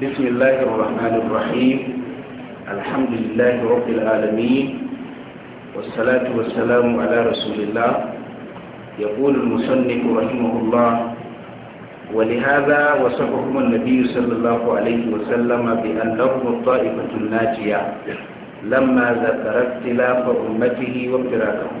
بسم الله الرحمن الرحيم الحمد لله رب العالمين والصلاة والسلام على رسول الله يقول المصنف رحمه الله ولهذا وصفهم النبي صلى الله عليه وسلم بأنهم الطائفة الناجية لما ذكر اختلاف أمته وفراقهم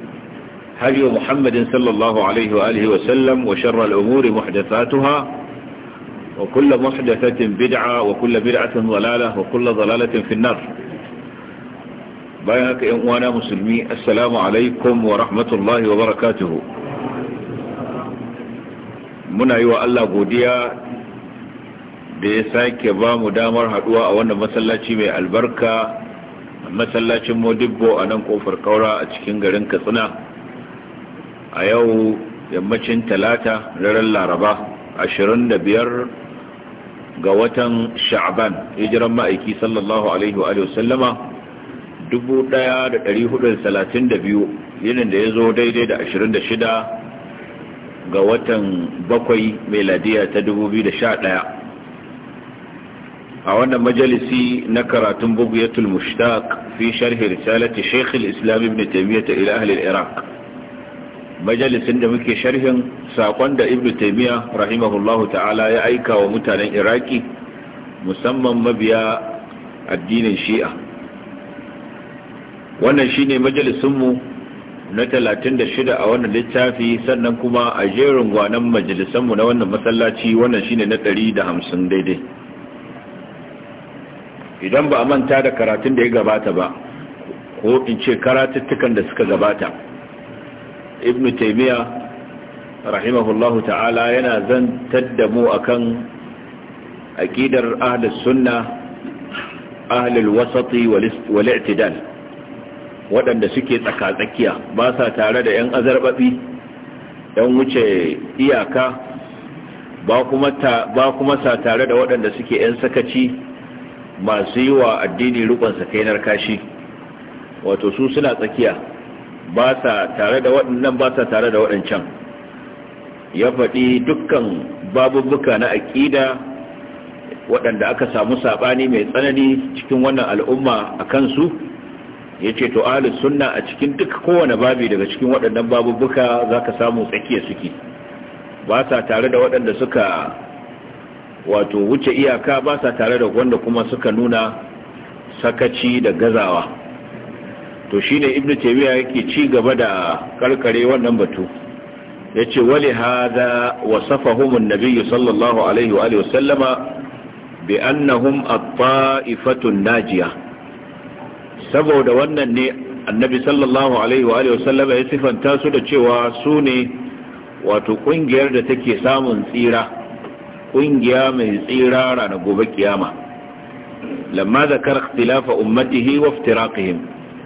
هدي محمد صلى الله عليه وآله وسلم وشر الأمور محدثاتها وكل محدثة بدعة وكل بدعة ضلالة وكل ضلالة في النار بينك إموانا مسلمي السلام عليكم ورحمة الله وبركاته muna yi wa Allah godiya da ya sake ba mu damar haduwa a wannan masallaci mai albarka masallacin modibbo a nan kofar kaura a cikin garin katsina a yau yammacin talata daren laraba 25 ga watan sha'ban hijiran ma'aiki sallallahu alaihi wa sallama 1432 yinin da ya zo daidai da 26 ga watan bakwai meladiya ta 2011 a wannan majalisi na karatun bugu ya mushtaq fi sharhi risalati shaykh al-islam ibn taymiyyah ila ahli al-iraq majalisin da muke sharhin sakon da ibn taimiyya rahimahullahu ta'ala ya aika wa mutanen iraki musamman mabiya addinin shi'a wannan shine majalisinmu na 36 a wannan littafi sannan kuma a jerin gwanan majalisanmu na wannan masallaci wannan shine na 150 daidai idan ba a manta da karatun da ya gabata ba ko in ce karatuttukan da suka gabata ibn taymiya rahimahullahu ta'ala yana zantar da mu akan aqidar ahlus sunna ahlul wasati wal i'tidal waɗanda suke tsakatsakiya ba sa tare da 'yan azarbabi 'yan wuce iyaka ba kuma sa tare da waɗanda suke 'yan sakaci masu yi wa addini rukun sakainar kashi wato su suna tsakiya ba sa tare da waɗannan ba sa tare da waɗancan ya faɗi dukkan babubuka na aƙida waɗanda aka samu saɓani mai tsanani cikin wannan al'umma a kansu ya ce to ahlus sunna a cikin duk kowane babi daga cikin waɗannan babubuka za ka samu tsakiya suke ba sa tare da waɗanda suka wato wuce iyaka ba sa tare da wanda kuma suka nuna sakaci da gazawa to shine ibnu taymiya yake ci gaba da karkare wannan batu yace wali hada wasafahum humun nabiy sallallahu alaihi wa sallama, bi annahum at-ta'ifatun najiya saboda wannan ne annabi sallallahu alaihi wa sallama ya sifanta su da cewa su ne wato kungiyar da take samun tsira kungiya mai tsira ranar gobe kiyama lamma zakar ikhtilafa ummatihi wa iftiraqihim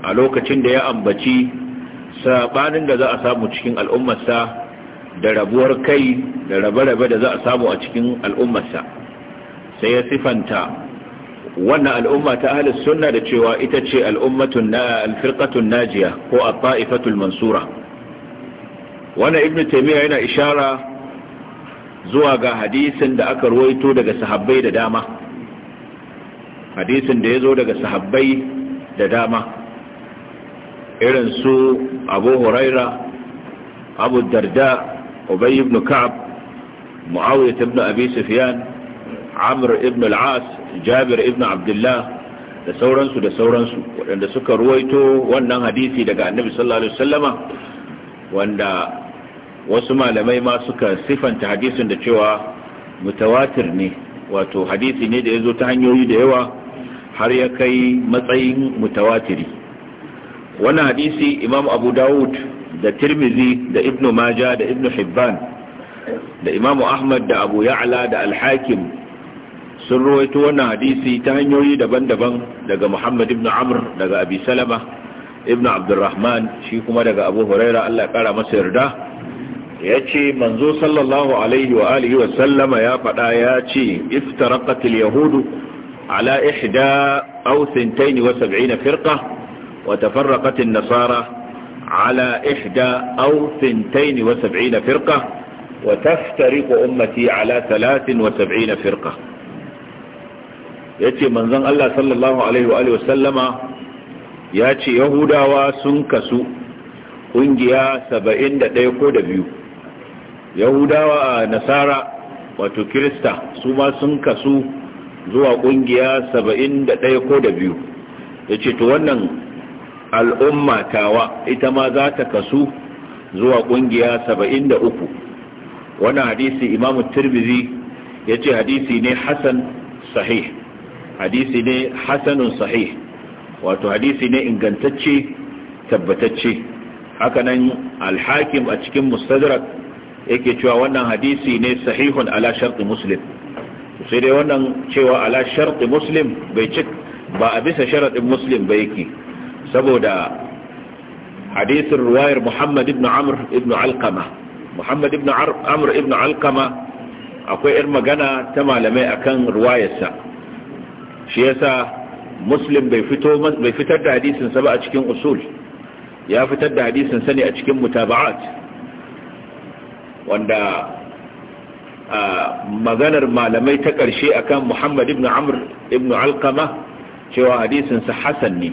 a lokacin da ya ambaci sabanin da za a samu cikin al'ummarsa da rabuwar kai da rabe-rabe da za a samu a cikin al'ummarsa sai ya sifanta wannan al'umma ta ahlus sunna da cewa ita ce al'ummatun na alfirqatun najiya ko at faifatul mansura wannan ibnu taymiya yana ishara zuwa ga hadisin da aka ruwaito daga sahabbai da dama hadisin da yazo daga sahabbai da dama irin su abu huraira abu darda ubayi ibn ka'ab mu'awiyat ibn abi sufyan amr ibn al jabir ibn abdullah da sauransu da sauransu waɗanda suka ruwaito wannan hadisi daga annabi sallallahu alaihi wasallama wanda wasu malamai ma suka sifanta hadisin da cewa mutawatir ne wato hadisi ne da ya zo ta hanyoyi da yawa har ya kai matsayin mutawatiri wannan hadisi imam abu dawud da tirmizi da ibnu maja da ibnu hibban da imamu ahmad da abu ya'la da alhakim sun ruwaito wannan hadisi ta hanyoyi daban-daban daga muhammad ibnu amr daga abi salama ibnu abdurrahman shi kuma daga abu huraira allah kara masa yarda ya ce manzo sallallahu alaihi wa alihi wa sallama ya faɗa ya ce iftaraqatil yahudu ala ihda aw 72 firqa وتفرقت النصارى على إحدى أو ثنتين وسبعين فرقة وتفترق أمتي على ثلاث وسبعين فرقة yace manzon Allah sallallahu alaihi wa yace yahudawa sun kasu kungiya 71 ko da biyu yahudawa a nasara wato kirista su ma sun kasu zuwa kungiya 71 ko da biyu yace to wannan al'umma tawa ita ma za ta kasu zuwa kungiya saba'in da uku wani hadisi imamu tirmidhi ya ce hadisi ne hasan sahih hadisi ne hasanun sahih wato hadisi ne ingantacce tabbatacce hakanan alhakim a cikin mustadrak yake cewa wannan hadisi ne sahihun ala sharti muslim sai dai wannan cewa ala sharti muslim bai cik ba a bisa sharaɗin muslim ba yake saboda hadisin ruwayar muhammad ibn Amur ibn alkama muhammad ibn Amur ibn alkama akwai yar magana ta malamai akan ruwayarsa shi yasa muslim bai fitar da hadisin ba a cikin usul ya fitar da hadisin ne a cikin mutaba'at wanda maganar malamai ta ƙarshe akan Muhammad ibn Amur ibn Alqama cewa hadisinsa hassan ne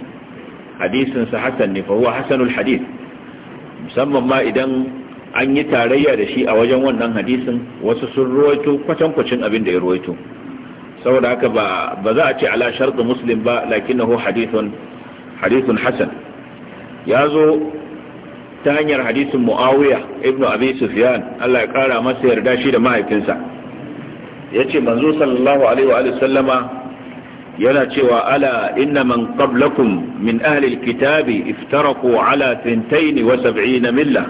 hadisin sa hasan ne fa huwa hasanul hadith musamman ma idan an yi tarayya da shi a wajen wannan hadisin wasu sun ruwaito kwatankwacin abin da ya ruwaito saboda haka ba ba za a ce ala shartu muslim ba lakinnahu hadithun hadithun hasan ya zo ta hanyar hadisin muawiya ibnu abi sufyan Allah ya kara masa yarda shi da mahaifinsa yace manzo sallallahu alaihi wa sallama yana cewa ala inna man qablakum min ahli alkitabi iftaraqu ala 72 milla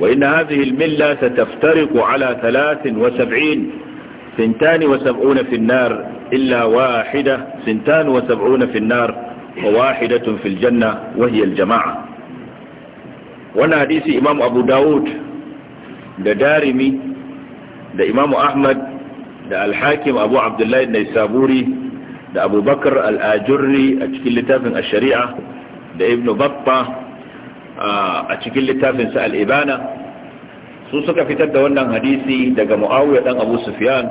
wa inna hadhihi almilla sataftariqu ala 73 72 fi an-nar illa wahida 72 fi an-nar wa wahidatun fil janna wa hiya al-jama'a wannan hadisi imam abu daud da darimi da imam ahmad da al-hakim abu abdullah an-naisaburi da abubakar Al'ajirri a cikin littafin shari'a da ibn babba a cikin littafinsa al'ibana su suka fitar da wannan hadisi daga mu'awiyar dan abu sufiyan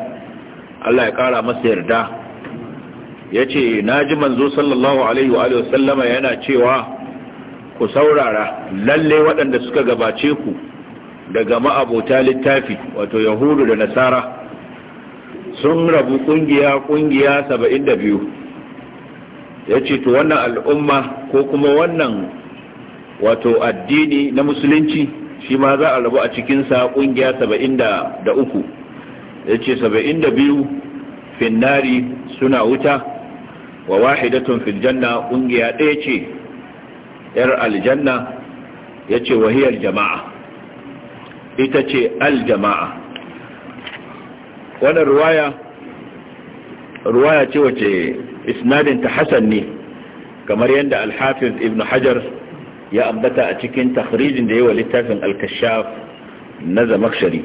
allah ya kara masa yarda ya ce na ji manzo sallallahu alaihi wa sallama yana cewa ku saurara lalle waɗanda suka gabace ku daga ma'abota littafi wato yahudu da nasara sun rabu kungiya kungiya saba'in da biyu ya ce to wannan al'umma ko kuma wannan wato addini na musulunci shi ma za a rabu a cikinsa kungiya saba'in da uku ya ce saba'in da biyu finnari suna wuta wa wahidatun filjanna kungiya ɗaya ce yar aljanna ya ce wahiyar jama'a ita ce aljama'a wannan ruwaya ruwaya ce wace isnadin ta hasan ne kamar yadda Alhafiz hafiz ibn hajar ya ambata a cikin takhrijin da yawa littafin Alkashaf kashaf na zamakshari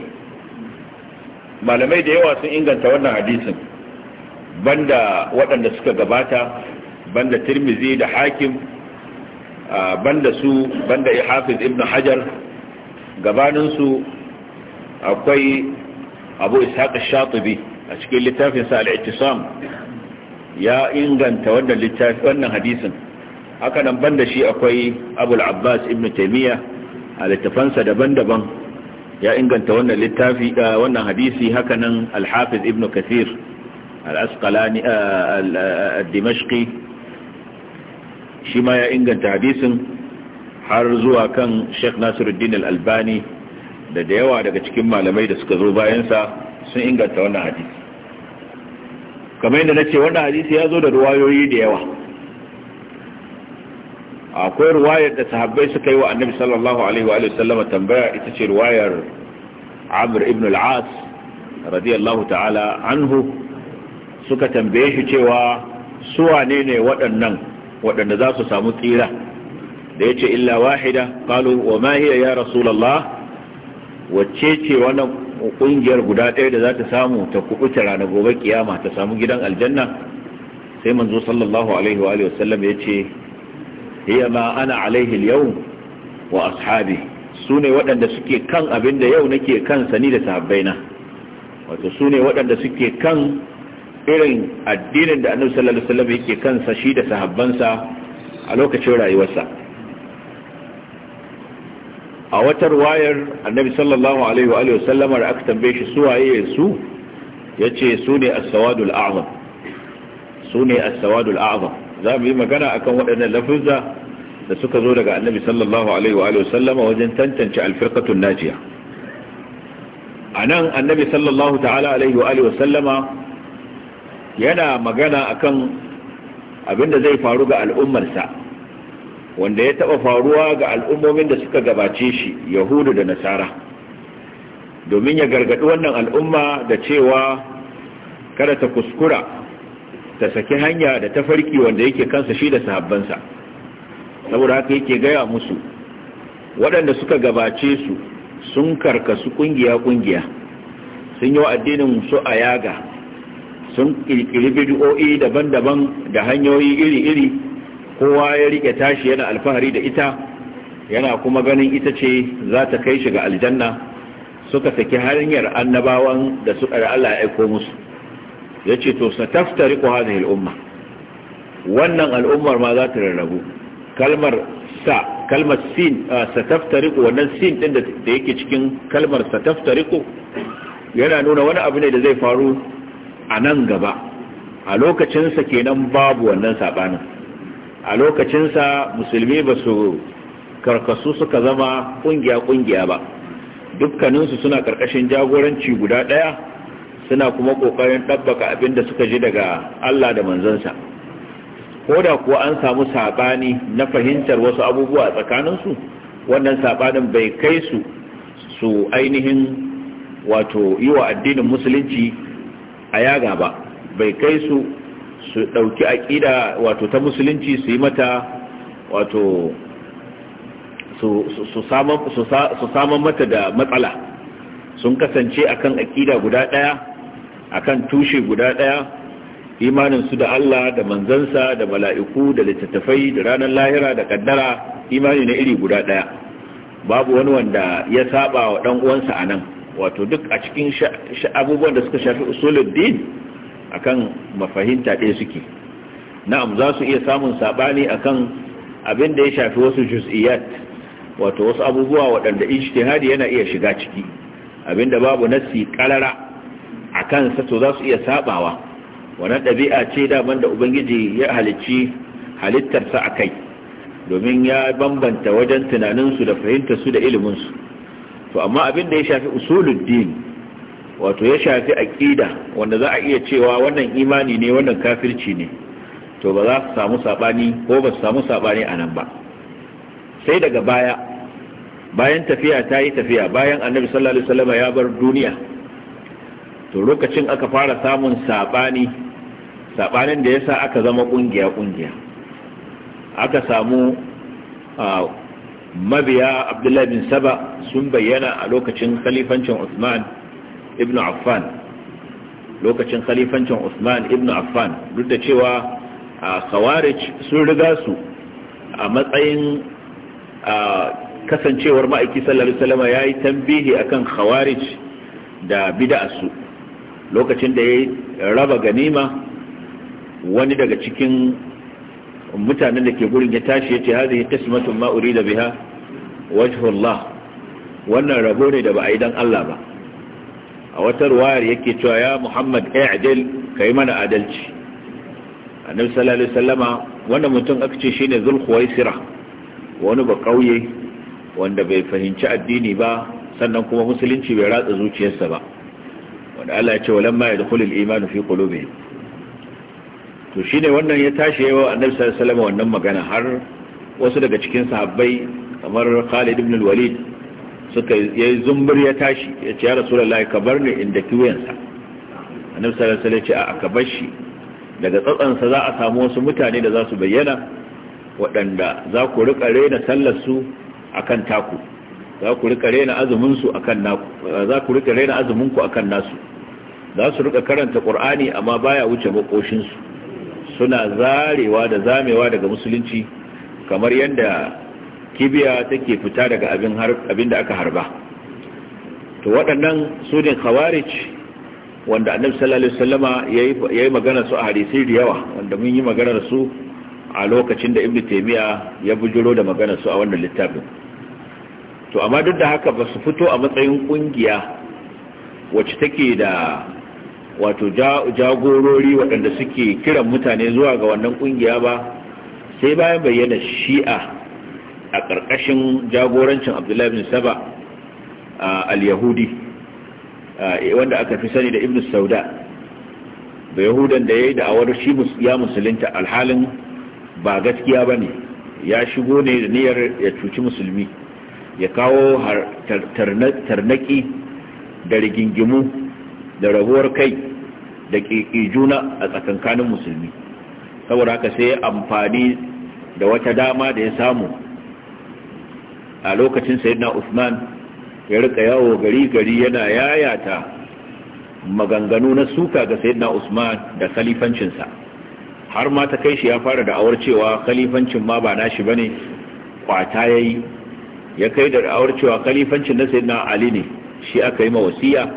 malamai da yawa sun inganta wannan hadisin banda waɗanda suka gabata banda tirmizi da hakim banda su banda hafiz ibn hajar gabaninsu akwai abu ishaq shatibi a cikin littafinsa al-ittisam ya inganta wannan littafi wannan hadisin haka nan banda shi akwai abul abbas ibnu taymiya a littafansa daban-daban ya inganta wannan littafi wannan hadisi haka nan al-hafiz ibnu kathir al-asqalani eh, al-dimashqi eh, shi ma ya inganta hadisin har zuwa kan sheikh nasiruddin al-albani da da yawa daga cikin malamai da suka zo bayansa sun inganta wannan hadisi kamar yadda na ce wannan hadisi ya zo da ruwayoyi da yawa akwai ruwayar da sahabbai suka yi wa annabi sallallahu alaihi wa sallama tambaya ita ce ruwayar amr ibn al-as radiyallahu ta'ala anhu suka tambaye shi cewa su wane ne waɗannan waɗanda za su samu tsira da ya ce illa wahida Kalu wa Mahiya ya rasulullah wacce ce wannan kungiyar guda ɗaya da za ta samu ta kubuta ranar gobe kiyama ta samu gidan aljanna sai manzo sallallahu alaihi wa alihi wasallam ya ce hiya ma ana alaihi yau wa ashabi su ne waɗanda suke kan abin da yau nake kan sani da sahabbaina wato su ne waɗanda suke kan irin addinin da annabi sallallahu alaihi wasallam yake kansa shi da sahabbansa a lokacin rayuwarsa a wata ruwayar annabi sallallahu alaihi wa sallama da aka tambaye shi su suwaye su ce su ne Asawadul sawadul a'zam su ne Asawadul sawadul a'zam za mu yi magana akan waɗannan lafuzza da suka zo daga annabi sallallahu alaihi wa sallama wajen tantance al-firqatun najiya anan annabi sallallahu ta'ala alaihi wa sallama yana magana akan abinda zai faru ga al'ummarsa wanda ya taɓa faruwa ga al'ummomin da suka gabace shi yahudu da nasara domin ya gargadi wannan al'umma da cewa kada ta kuskura ta saki hanya da ta farki wanda yake kansa shi da sahabbansa saboda haka yake gaya musu waɗanda suka gabace su sun karkasu ƙungiya-ƙungiya sun yi wa addinin su a yaga sun ƙirƙiri bidiyo'i daban-daban da hanyoyi iri-iri kowa ya rike tashi yana alfahari da ita yana kuma ganin ita ce za ta kai shi ga aljanna suka saki hanyar annabawan da suka da Allah ya aiko musu ya ce to sa taftari ku hadhihi al'umma wannan al'ummar ma za ta rarrabu kalmar sa kalmar sin sa taftari ku wannan sin din da yake cikin kalmar sa taftari ku yana nuna wani abu ne da zai faru a nan gaba a lokacinsa kenan babu wannan sabanin a lokacinsa musulmi ba su karkasu suka zama kungiya-kungiya ba dukkaninsu suna karkashin jagoranci guda ɗaya suna kuma ƙoƙarin ɗabbaka abin da suka ji daga Allah da manzansa ko da kuwa an samu saɓani na fahimtar wasu abubuwa tsakaninsu wannan saɓanin bai kai su su ainihin wato yi wa addinin musulunci a yaga ba bai kai su su ɗauki aƙida wato ta musulunci su yi mata wato su saman mata da matsala sun kasance akan aƙida guda ɗaya akan tushe guda ɗaya imaninsu da Allah da manzansa da mala'iku da littattafai da ranar lahira da kaddara imani na iri guda ɗaya babu wani wanda ya saba wa ɗan uwansa a nan wato duk a cikin abubuwan da suka shafi usuluddin akan mafahimta ɗaya suke na'am za su iya samun saɓani akan abin da ya shafi wasu juz'iyat wato wasu abubuwa waɗanda ijtihadi yana iya shiga ciki abinda babu nassi ƙarara a kansa to za su iya saɓawa wannan ɗabi'a ce daban da ubangiji ya halicci halittarsa a kai domin ya bambanta wajen tunaninsu da su da iliminsu to amma abin da ya shafi usuluddin wato ya shafi aqida wanda za a iya cewa wannan imani ne wannan kafirci ne to ba za su samu sabani ko ba su samu sabani a nan ba sai daga baya bayan tafiya ta yi tafiya bayan annabi sallallahu alaihi wasallam ya bar duniya to lokacin aka fara samun sabani sabanin da yasa aka zama kungiya kungiya aka samu mabiya abdullahi bin saba sun bayyana a lokacin khalifancin Usman. ibn affan lokacin khalifancin usman ibn affan duk da cewa a khawarij sun riga su a matsayin kasancewar ma'aiki sallallahu alaihi wasallam yayi tambihi akan khawarij da su. lokacin da ya raba ganima wani daga cikin mutanen da ke gurin ya tashi ya ce hadhihi qismatun ma urida biha wajhu Allah wannan rabo ne da ba a yi dan Allah ba a wata ruwayar yake cewa ya muhammad ka yi mana adalci a sallallahu alaihi wasallama wannan mutum aka ce shine zulkhuwaisira wani ba kauye wanda bai fahimci addini ba sannan kuma musulunci bai ratsa zuciyarsa ba wanda Allah ya ce da yadkhulul iman fi qulubihim to shine wannan ya tashi yawa annabi sallallahu alaihi wannan magana har wasu daga cikin sahabbai kamar Khalid ibn al-Walid suka yayi zumbur ya tashi ya ce ya rasulallah ya kabar ne inda kiwayansa a sallallahu alaihi ce a ka bar shi daga tsatsansa za a samu wasu mutane da za su bayyana waɗanda za ku riƙa rena tallarsu a kan taku za ku riƙa rena azumin a kan nasu za su riƙa karanta qur'ani amma baya wuce maƙoshinsu suna zarewa da zamewa daga musulunci kamar yadda kibiya take fita daga abin da aka harba to waɗannan su khawarij wanda annabi sallallahu alaihi wasallama yayi magana su a hadisi da yawa wanda mun yi magana da su a lokacin da ibnu taymiya ya bujuro da magana su a wannan littafin to amma duk da haka ba su fito a matsayin kungiya wacce take da wato jagorori waɗanda suke kiran mutane zuwa ga wannan kungiya ba sai bayan bayyana shi'a a ƙarƙashin jagorancin abdullahi bin saba al-yahudi wanda aka fi sani da ibn sauda da yahudan da ya yi da'awar shi ya musulunta alhalin ba gaskiya ba ne ya shigo ne da niyyar ya cuci musulmi ya kawo tarnaki da rigingimu da rabuwar kai da ƙiƙi juna a tsakankanin musulmi saboda haka sai amfani da wata dama da ya samu a lokacin sayyidina Usman ya rika yawo gari gari yana yayata maganganu na suka ga sayyidina Usman da kalifancinsa. har ma ta kai shi ya fara da'awar cewa khalifancin ma ba nashi bane kwata yayi ya kai da awar cewa khalifancin na sayyidina Ali ne shi aka yi ma wasiya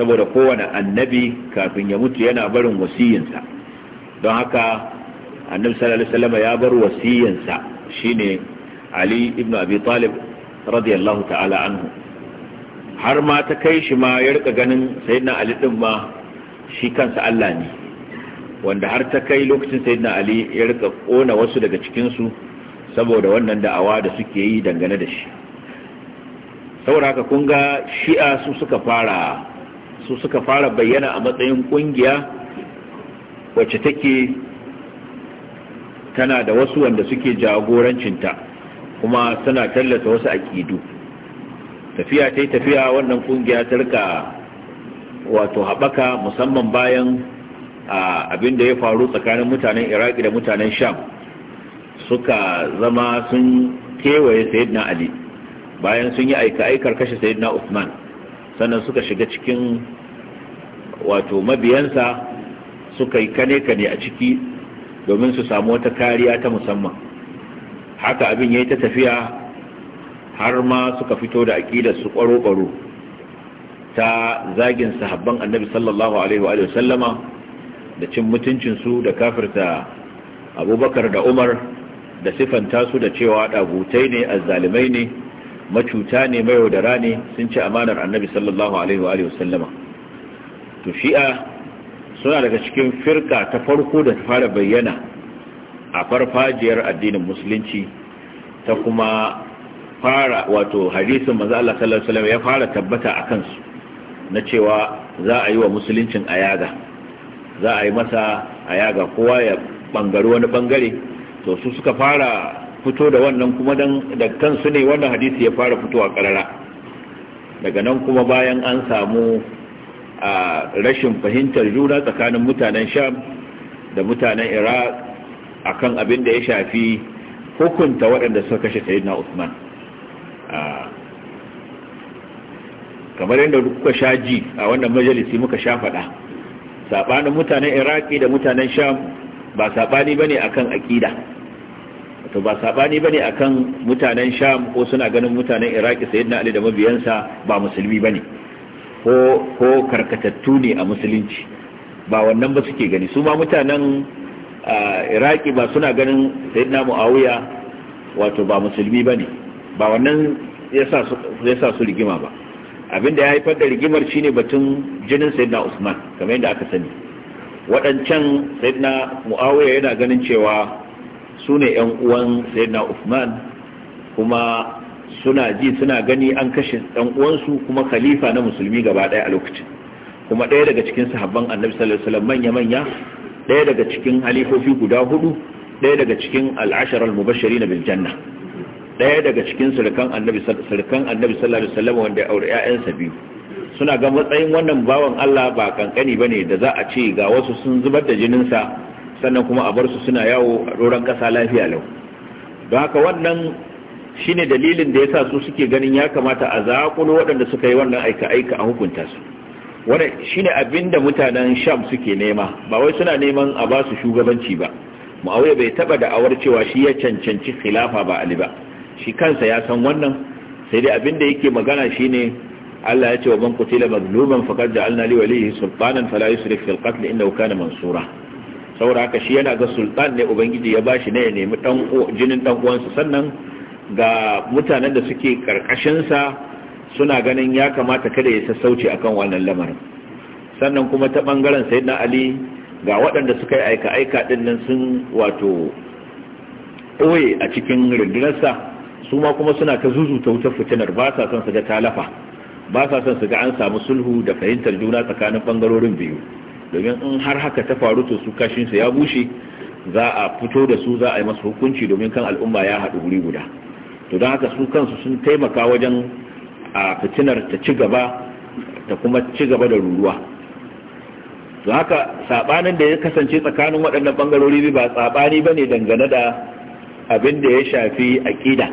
saboda kowane annabi kafin ya mutu yana barin wasiyinsa don haka annabi sallallahu alaihi wasallam ya bar wasiyinsa shine ali ibn abi talib radiyallahu ta'ala anhu har ma ta kai shi ma ya rika ganin sayyidina ali din ma shi kansa Allah ne wanda har ta kai lokacin sayyidina ali ya rika kona wasu daga cikin su saboda wannan da'awa da suke yi dangane da shi saboda haka kun ga shi'a su suka fara su suka fara bayyana a matsayin kungiya wacce take tana da wasu wanda suke jagorancinta kuma suna tallata wasu aƙidu tafiya ta tafiya wannan kungiya ta rika wato haɓaka musamman bayan abin da ya faru tsakanin mutanen iraki da mutanen sham suka zama sun kewaye sayidina ali bayan sun yi aika-aikar kashe sayidina usman sannan suka shiga cikin wato mabiyansa suka yi kane-kane a ciki domin su samu wata kariya ta musamman haka abin ya yi ta tafiya har ma suka fito da aƙidar su ƙwaro-ƙwaro ta zagin sahabban annabi sallallahu alaihi wa sallama da cin mutuncinsu da kafirta abubakar da umar da sifanta su da cewa ɗagutai ne azzalimai ne macuta ne mayaudara ne sun ci amanar annabi sallallahu alaihi wa sallama to shi'a suna daga cikin firka ta farko da ta fara bayyana a farfajiyar addinin musulunci ta kuma fara wato hadisin maza Allah sallallahu alaihi ya fara tabbata a kansu na cewa za a yi wa musuluncin ayaga za a yi masa ayaga kowa ya bangare wani bangare to su suka fara fito da wannan kuma dan da kansu ne wannan hadisi ya fara fitowa karara daga nan kuma bayan an samu a rashin fahimtar juna tsakanin mutanen sham da mutanen iraq akan abin da ya shafi hukunta waɗanda suka kashe sayyidina Usman kamar yadda kuka sha ji a wannan majalisi muka sha faɗa saɓanin mutanen iraki da mutanen sham ba saɓani ba ne a aƙida to ba saɓani ba ne a mutanen sham ko suna ganin mutanen iraki sayyidina ali da mabiyansa ba musulmi ba ne ko karkatattu ne a musulunci ba wannan ba suke gani su ma mutanen iraki ba suna ganin sayyidina muawiya wato ba musulmi ba ne ba wannan ya sa su rigima ba abinda ya haifar da rigimar shine batun jinin sayyidina usman kamar yadda aka sani waɗancan sayyidina muawiya yana ganin cewa su ne yan uwan sayyidina usman kuma suna ji suna gani an kashe yan uwansu kuma khalifa na musulmi gaba ɗaya a lokacin kuma ɗaya daga cikin sahabban annabi sallallahu alaihi wasallam manya-manya ɗaya daga cikin halifofi guda hudu ɗaya daga cikin al'ashar al-mubashari na biljanna ɗaya daga cikin surukan annabi sallallahu alaihi wasallam wanda ya aure ƴaƴansa biyu suna ga matsayin wannan bawan Allah ba kankani ba ne da za a ce ga wasu sun zubar da jinin sa sannan kuma a bar su suna yawo a doran kasa lafiya lau don haka wannan shine dalilin da yasa su suke ganin ya kamata a zaƙulo waɗanda suka yi wannan aika aika a hukunta su wanda abin da mutanen sham suke nema ba wai suna neman a ba su shugabanci ba muawiya bai taba da awar cewa shi ya cancanci khilafa ba ali ba shi kansa ya san wannan sai dai abin da yake magana shi ne Allah ya ce wa man kutila mazluman faqad ja'alna li walihi sultanan fala yusrif fil qatl innahu kana mansura saboda haka shi yana ga sultan ne ubangiji ya bashi ne ya nemi dan jinin dan uwansa sannan ga mutanen da suke karkashin sa suna ganin ya kamata kada ya sassauce a kan wannan lamarin sannan kuma ta ɓangaren sai na ali ga waɗanda suka yi aika aika ɗin nan sun wato ɓoye a cikin rundunarsa su ma kuma suna ta zuzuta wutar fitinar ba sa son su ga talafa ba sa son su ga an samu sulhu da fahimtar juna tsakanin ɓangarorin biyu domin in har haka ta faru to su kashinsa ya bushe za a fito da su za a yi masu hukunci domin kan al'umma ya haɗu guri guda to don haka su kansu sun taimaka wajen a fitinar ta ci gaba ta kuma ci gaba da ruruwa don haka saɓanin da ya kasance tsakanin waɗannan ɓangarori ba saɓani ba ne dangane da abin da ya shafi aƙida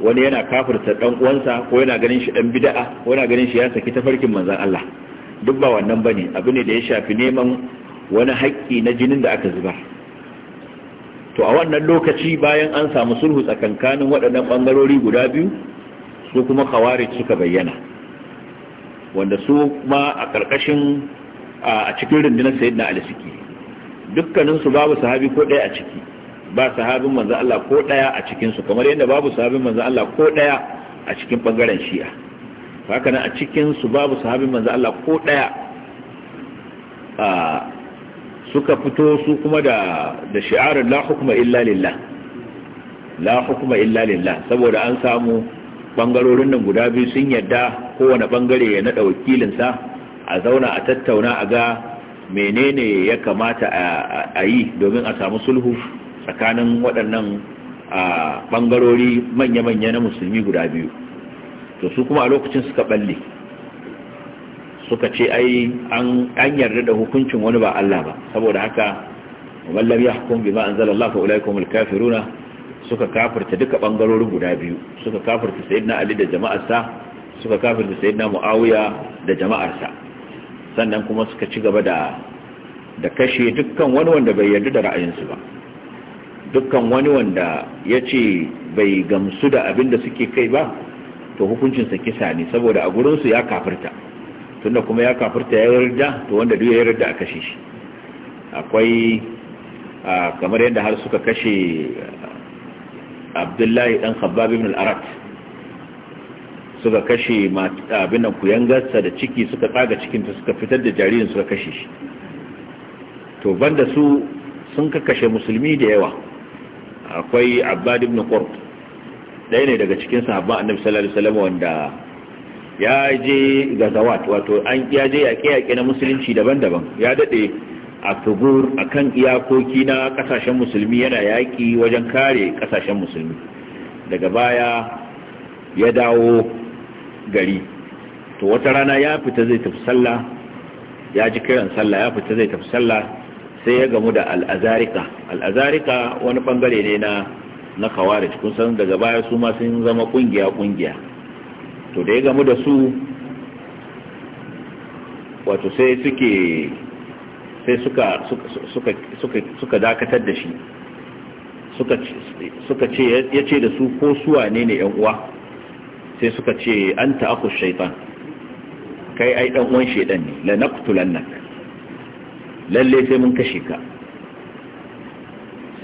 wani yana kafirta ɗan uwansa ko yana ganin shi ɗan bida'a ko yana ganin shi ya saki tafarkin manzan Allah duk ba wannan ba ne abu da ya shafi neman wani haƙƙi na jinin da aka zubar to a wannan lokaci bayan an samu sulhu tsakankanin waɗannan ɓangarori guda biyu su kuma khawarij suka bayyana wanda su ma a karkashin a cikin rundunar sayyidina ali suke dukkaninsu babu sahabi ko ɗaya a ciki ba sahabin manzo Allah ko ɗaya a cikinsu kamar yadda babu sahabin manzo Allah ko ɗaya a cikin ɓangaren shi'a haka nan a cikinsu babu sahabin manzo Allah ko ɗaya suka fito su kuma da da shi'arar la hukuma illa lillah la hukuma illa lillah saboda an samu bangarorin nan guda biyu sun yadda kowane bangare ya naɗa wakilinsa a zauna a tattauna a ga menene ya kamata a yi domin a samu sulhu tsakanin waɗannan bangarori manya-manya na musulmi guda biyu to su kuma a lokacin suka balle suka ce ai an yarda da hukuncin wani ba Allah ba saboda haka wallam yahkum bima anzalallahu ulaikumul kafiruna suka kafirta duka bangarorin guda biyu suka kafirta sayyidina ali da jama'arsa suka kafirta sayyidina muawiya da jama'arsa sannan kuma suka ci gaba da da kashe dukkan wani wanda bai yarda da ra'ayinsu ba dukkan wani wanda ya ce bai gamsu da abin da suke kai ba to hukuncinsa kisa ne saboda a gurinsu ya kafirta tunda kuma ya kafirta ya yarda to wanda duk ya yarda a kashe shi akwai kamar yadda har suka kashe abdullahi dan khabbab ibn al-arat suka kashe abin kuyangarsa da ciki suka tsaga cikinta suka fitar da jaririn suka kashe shi to banda su sun kashe musulmi da yawa akwai abbad ibn qurt ɗaya ne daga cikin sahabban annabi sallallahu alaihi wasallam wanda ya je zawat wato an ya je yaƙe-yaƙe na musulunci daban-daban ya daɗe. a tubur a kan iyakoki na kasashen musulmi yana yaƙi wajen kare kasashen musulmi daga baya ya dawo gari to wata rana ya fita zai tafi sallah ya ji kiran sallah ya fita zai tafi sallah sai ya gamu da al'azarika al'azarika wani bangare ne na na khawarij kun san daga baya su ma sun zama kungiya kungiya to da ya gamu da su wato sai suke sai suka suka suka suka dakatar da shi suka suka ce yace da su ko suwa ne ne yan uwa sai suka ce an aku shaitan kai ai dan uwan shedan ne la naqtulannak lalle sai mun kashe ka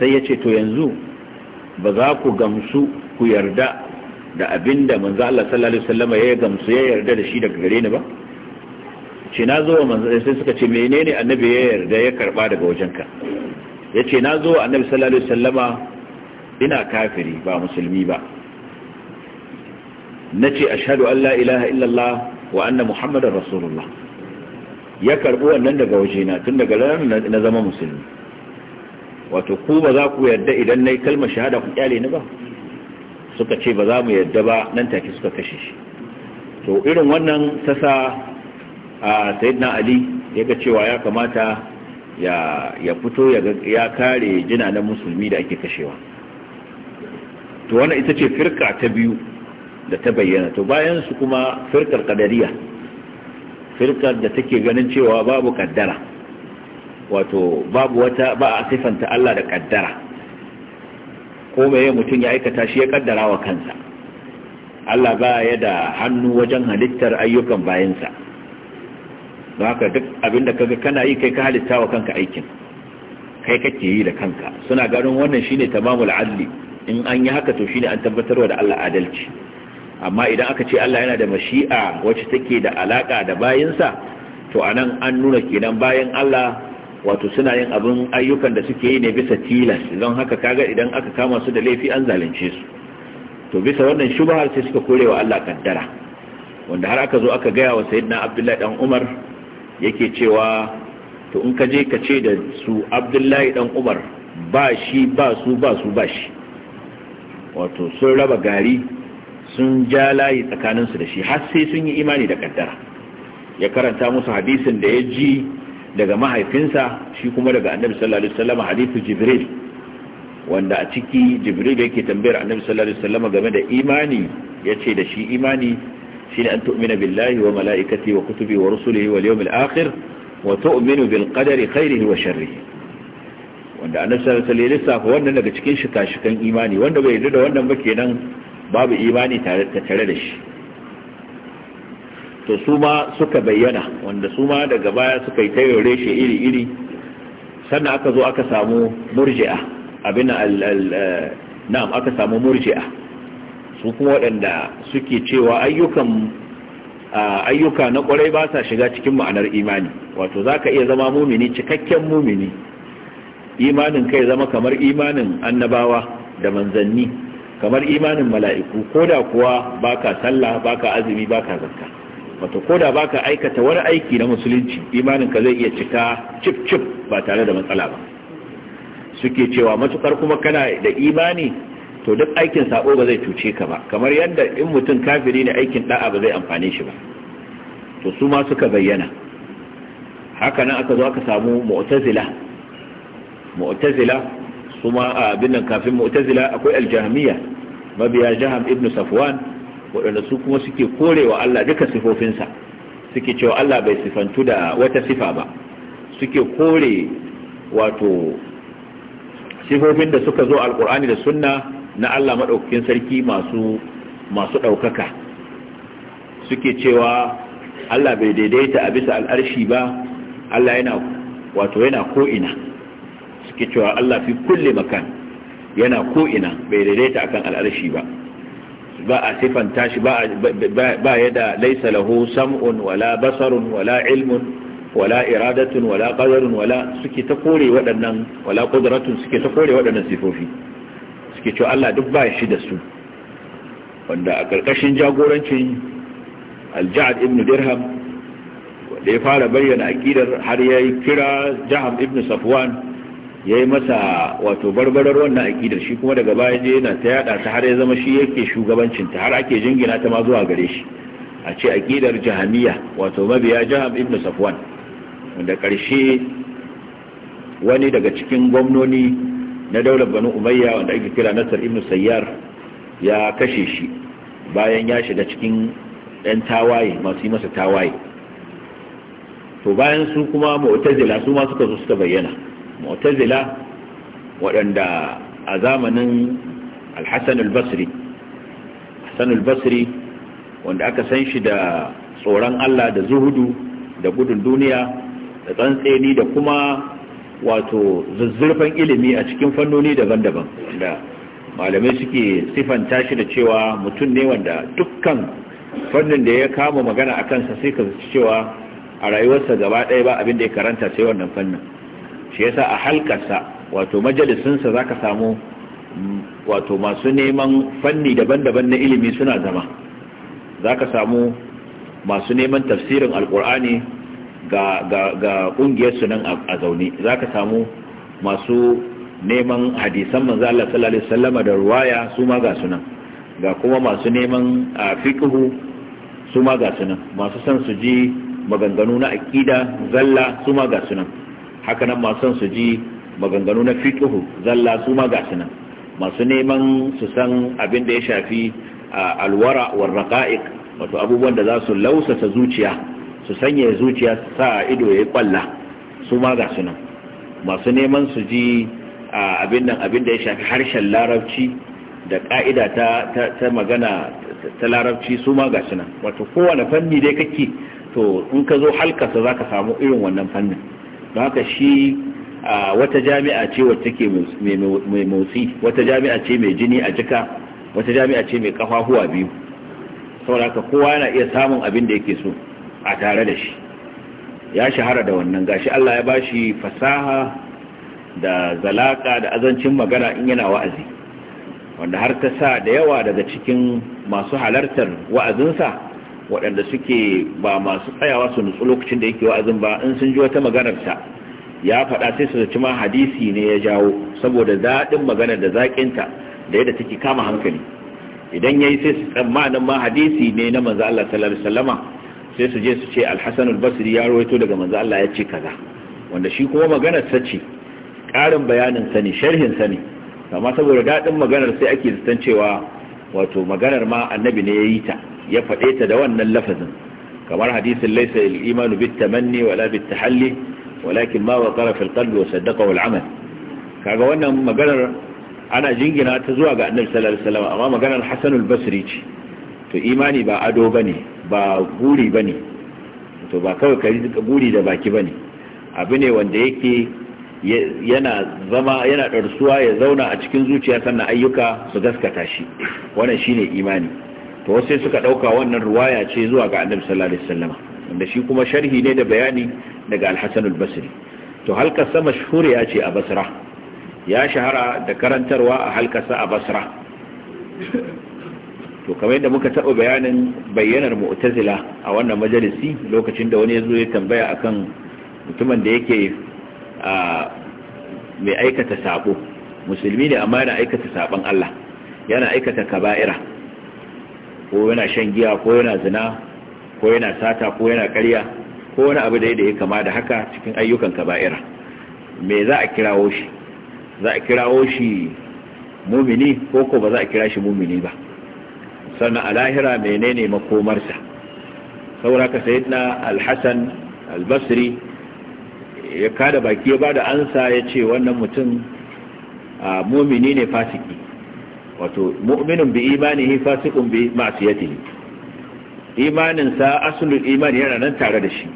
sai yace to yanzu ba za ku gamsu ku yarda da abinda manzo Allah sallallahu alaihi wasallam ya gamsu ya yarda da shi daga gare ni ba ce na zo wa manzon sai suka ce menene annabi ya yarda ya karba daga wajenka yace na zo wa annabi sallallahu alaihi wasallama ina kafiri ba musulmi ba nace ashhadu an Allah ilaha illallah wa anna muhammadar rasulullah ya karbi wannan daga wajena tun daga ranar na zama musulmi wato ku ba za ku yarda idan na yi kalmar shahada ku kyale ni ba suka ce ba za mu yarda ba nan take suka kashe shi to irin wannan tasa a sayyidina ali yaga cewa ya kamata ya fito ya kare na musulmi da ake kashewa to wannan ita ce firka ta biyu da ta bayyana to bayan su kuma firkar kadariya firkar da take ganin cewa babu kaddara wato babu wata ba a sifanta Allah da kaddara ko meye mutum ya aikata shi ya kaddara wa kansa Allah ba ya da hannu wajen halittar ayyukan bayansa don haka duk abinda kaga kana yi kai ka halitta wa kanka aikin kai kake yi da kanka suna ganin wannan shine tamamul adli in an yi haka to shine an tabbatarwa da Allah adalci amma idan aka ce Allah yana da mashi'a wacce take da alaka da bayinsa to anan an nuna kenan bayan Allah wato suna yin abin ayyukan da suke yi ne bisa tilas don haka kaga idan aka kama su da laifi an zalunce su to bisa wannan shubahar sai suka kore wa Allah kaddara wanda har aka zo aka gaya wa sayyidina abdullah dan Umar yake cewa to in ka je ka ce da su abdullahi dan umar ba shi ba su ba su ba shi wato sun raba gari sun ja layi tsakaninsu da shi har sai sun yi imani da kaddara ya karanta musu hadisin da ya ji daga mahaifinsa shi kuma daga annabi sallallahu alaihi wasallam hadithu jibril wanda a ciki jibril yake tambayar annabi sallallahu alaihi wasallam game da imani yace da shi imani shine an tu'mina billahi wa mala'ikati wa kutubi wa rusulihi wal yawmil akhir wa tu'minu bil qadari khairihi wa wanda annabi sallallahu alaihi wasallam lissafa wannan daga cikin shika-shikan imani wanda bai yarda da wannan ba kenan babu imani tare tare da shi to su ma suka bayyana wanda su ma daga baya suka yi tayyore shi iri-iri sannan aka zo aka samu murji'a abin al na'am aka samu murji'a su kuma waɗanda suke cewa ayyukan ayyuka na ƙwarai ba sa shiga cikin ma'anar imani wato za ka iya zama mumini cikakken mumini imanin kai zama kamar imanin annabawa da manzanni kamar imanin mala'iku ko da kuwa ba ka sallah ba ka azumi ba ka zarka wato ko da ba ka aikata wani aiki na musulunci imanin ka zai iya cika cif cif ba tare da matsala ba suke cewa matukar kuma kana da imani to duk aikin sabo ba zai cuce ka ba kamar yadda in mutum kafiri ne aikin da'a ba zai amfane shi ba to su ma suka bayyana haka nan aka zo aka samu mu'tazila mu'tazila su ma abin nan kafin mu'tazila akwai aljahmiya mabiya jaham ibnu safwan waɗanda su kuma suke wa Allah duka sifofinsa suke cewa Allah bai sifantu da wata sifa ba suke kore wato sifofin da suka zo alkur'ani da sunna na Allah maɗaukakin sarki masu ɗaukaka suke cewa Allah bai daidaita a bisa al'arshi ba Allah yana wato yana ko'ina suke cewa Allah fi kulle makan yana ko'ina bai daidaita akan al'arshi ba ba a sifanta shi ba ya da laisa lahu sam'un wala basarun wala ilmun wala iradatun wala qadarun wala suke ta kore waɗannan wala qudratun suke ta kore waɗannan sifofi suke cewa Allah duk ba shi da su wanda a ƙarƙashin jagorancin alja'ad ibn dirham wanda ya fara bayyana aƙidar har ya kira jaham ibn safwan ya yi masa wato barbarar wannan aƙidar shi kuma daga baya je yana ta yada ta har ya zama shi yake shugabancinta har ake jingina ta ma zuwa gare shi a ce aƙidar jahamiya wato mabiya jaham ibn safwan wanda ƙarshe wani daga cikin gwamnoni na daular banu umayya wanda ake kira nasar ibn sayyar ya kashe shi bayan ya shiga cikin ɗan tawaye masu yi masa tawaye to bayan su kuma mu'tazila su ma suka zo suka bayyana mu'tazila waɗanda a zamanin alhassan albasri hassan albasri wanda aka san shi da tsoron allah da zuhudu da gudun duniya da tsantseni da kuma wato zuzzurfan ilimi a cikin fannoni daban-daban da malamai suke sifanta shi da cewa mutum ne wanda dukkan fannin da ya kama magana a kansa sai ka cewa a rayuwarsa gaba ɗaya ba abin da ya karanta sai wannan fannin shi yasa a halkarsa wato majalisinsa za ka samu mm, wato masu neman fanni daban-daban na ilimi suna zama za ka samu masu neman tafsirin alkur'ani ga kungiyar sunan a zaune za ka samu masu neman hadisan manzo Allah sallallahu alaihi da ruwaya su ma ga sunan ga kuma masu neman fiqhu su ma ga sunan masu san su ji maganganu na aqida zalla su ma ga sunan haka nan masu san su ji maganganu na fiqhu zalla su ma ga sunan masu neman su san abin da ya shafi alwara war wato abubuwan da za su lausasa zuciya su sanya zuciya sa ido ya yi kwalla su ma ga sunan masu neman su ji abin nan abin da ya shafi harshen larabci da ka'ida ta magana ta larabci su ma ga sunan wato kowane fanni dai kake to in ka zo halkasa za ka samu irin wannan fannin don haka shi wata jami'a ce wacce ke mai motsi wata jami'a ce mai jini a jika wata jami'a ce mai kafafuwa biyu saboda haka kowa yana iya samun abin da yake so a tare da shi ya shahara da wannan gashi Allah ya ba shi fasaha da zalaka da azancin magana in yana wa'azi wanda har ta sa da yawa daga cikin masu halartar wa'azinsa waɗanda suke ba masu tsayawa su nutsu lokacin da yake wa'azin ba in sun ji wata maganarsa ya faɗa sai su zaci ma hadisi ne ya jawo saboda daɗin maganar da zaƙinta da yadda take kama hankali idan ya yi sai su tsammanin ma hadisi ne na manzo Allah sallallahu alaihi wasallama sai su je su ce alhassan albasiri ya rawaito daga manzo Allah ya ce kaza wanda shi kuma maganar sa ce ƙarin bayanin sa ne sharhin sa ne amma saboda daɗin maganar sai ake zaton cewa wato maganar ma annabi ne ya yi ta ya faɗe ta da wannan lafazin kamar hadisin laisa al-imanu bit tamanni wala bit tahalli walakin ma waqara fil qalbi wa saddaqa wal amal kaga wannan maganar ana jingina ta zuwa ga annabi sallallahu alaihi wasallam amma maganar hasan al-basri ce to imani ba ado bane ba guri ba ne to ba kawai ka guri da baki ba ne abu ne wanda yake yana zama yana ɗarsuwa ya zauna a cikin zuciya sannan ayyuka su gaskata shi wannan shi ne imani to wasu suka ɗauka wannan ruwaya ce zuwa ga annabi sallallahu alaihi wasallam wanda shi kuma sharhi ne da bayani daga al-hasan al-basri to halkarsa ya ce a basra ya shahara da karantarwa a halkarsa a basra to kamar yadda muka taɓa bayanin bayyanar mu'tazila a wannan majalisi lokacin da wani ya zo ya tambaya a kan mutumin da yake a mai aikata sabo musulmi ne amma yana aikata sabon Allah yana aikata kaba'ira ko yana shan giya ko yana zina ko yana sata ko yana ƙarya ko wani abu da ya kama da haka cikin ayyukan kaba'ira me za a kirawo shi za a kirawo shi mumini ko ko ba za a kira shi mumini ba sannan a lahira menene makomarsa sauraka ka na alhassan albasri ya kada baki ya bada ansa ya ce wannan mutum a mumini ne fasiki wato mu'minun bi hi fasikun bi imanin imaninsa asulul imani yana nan tare da shi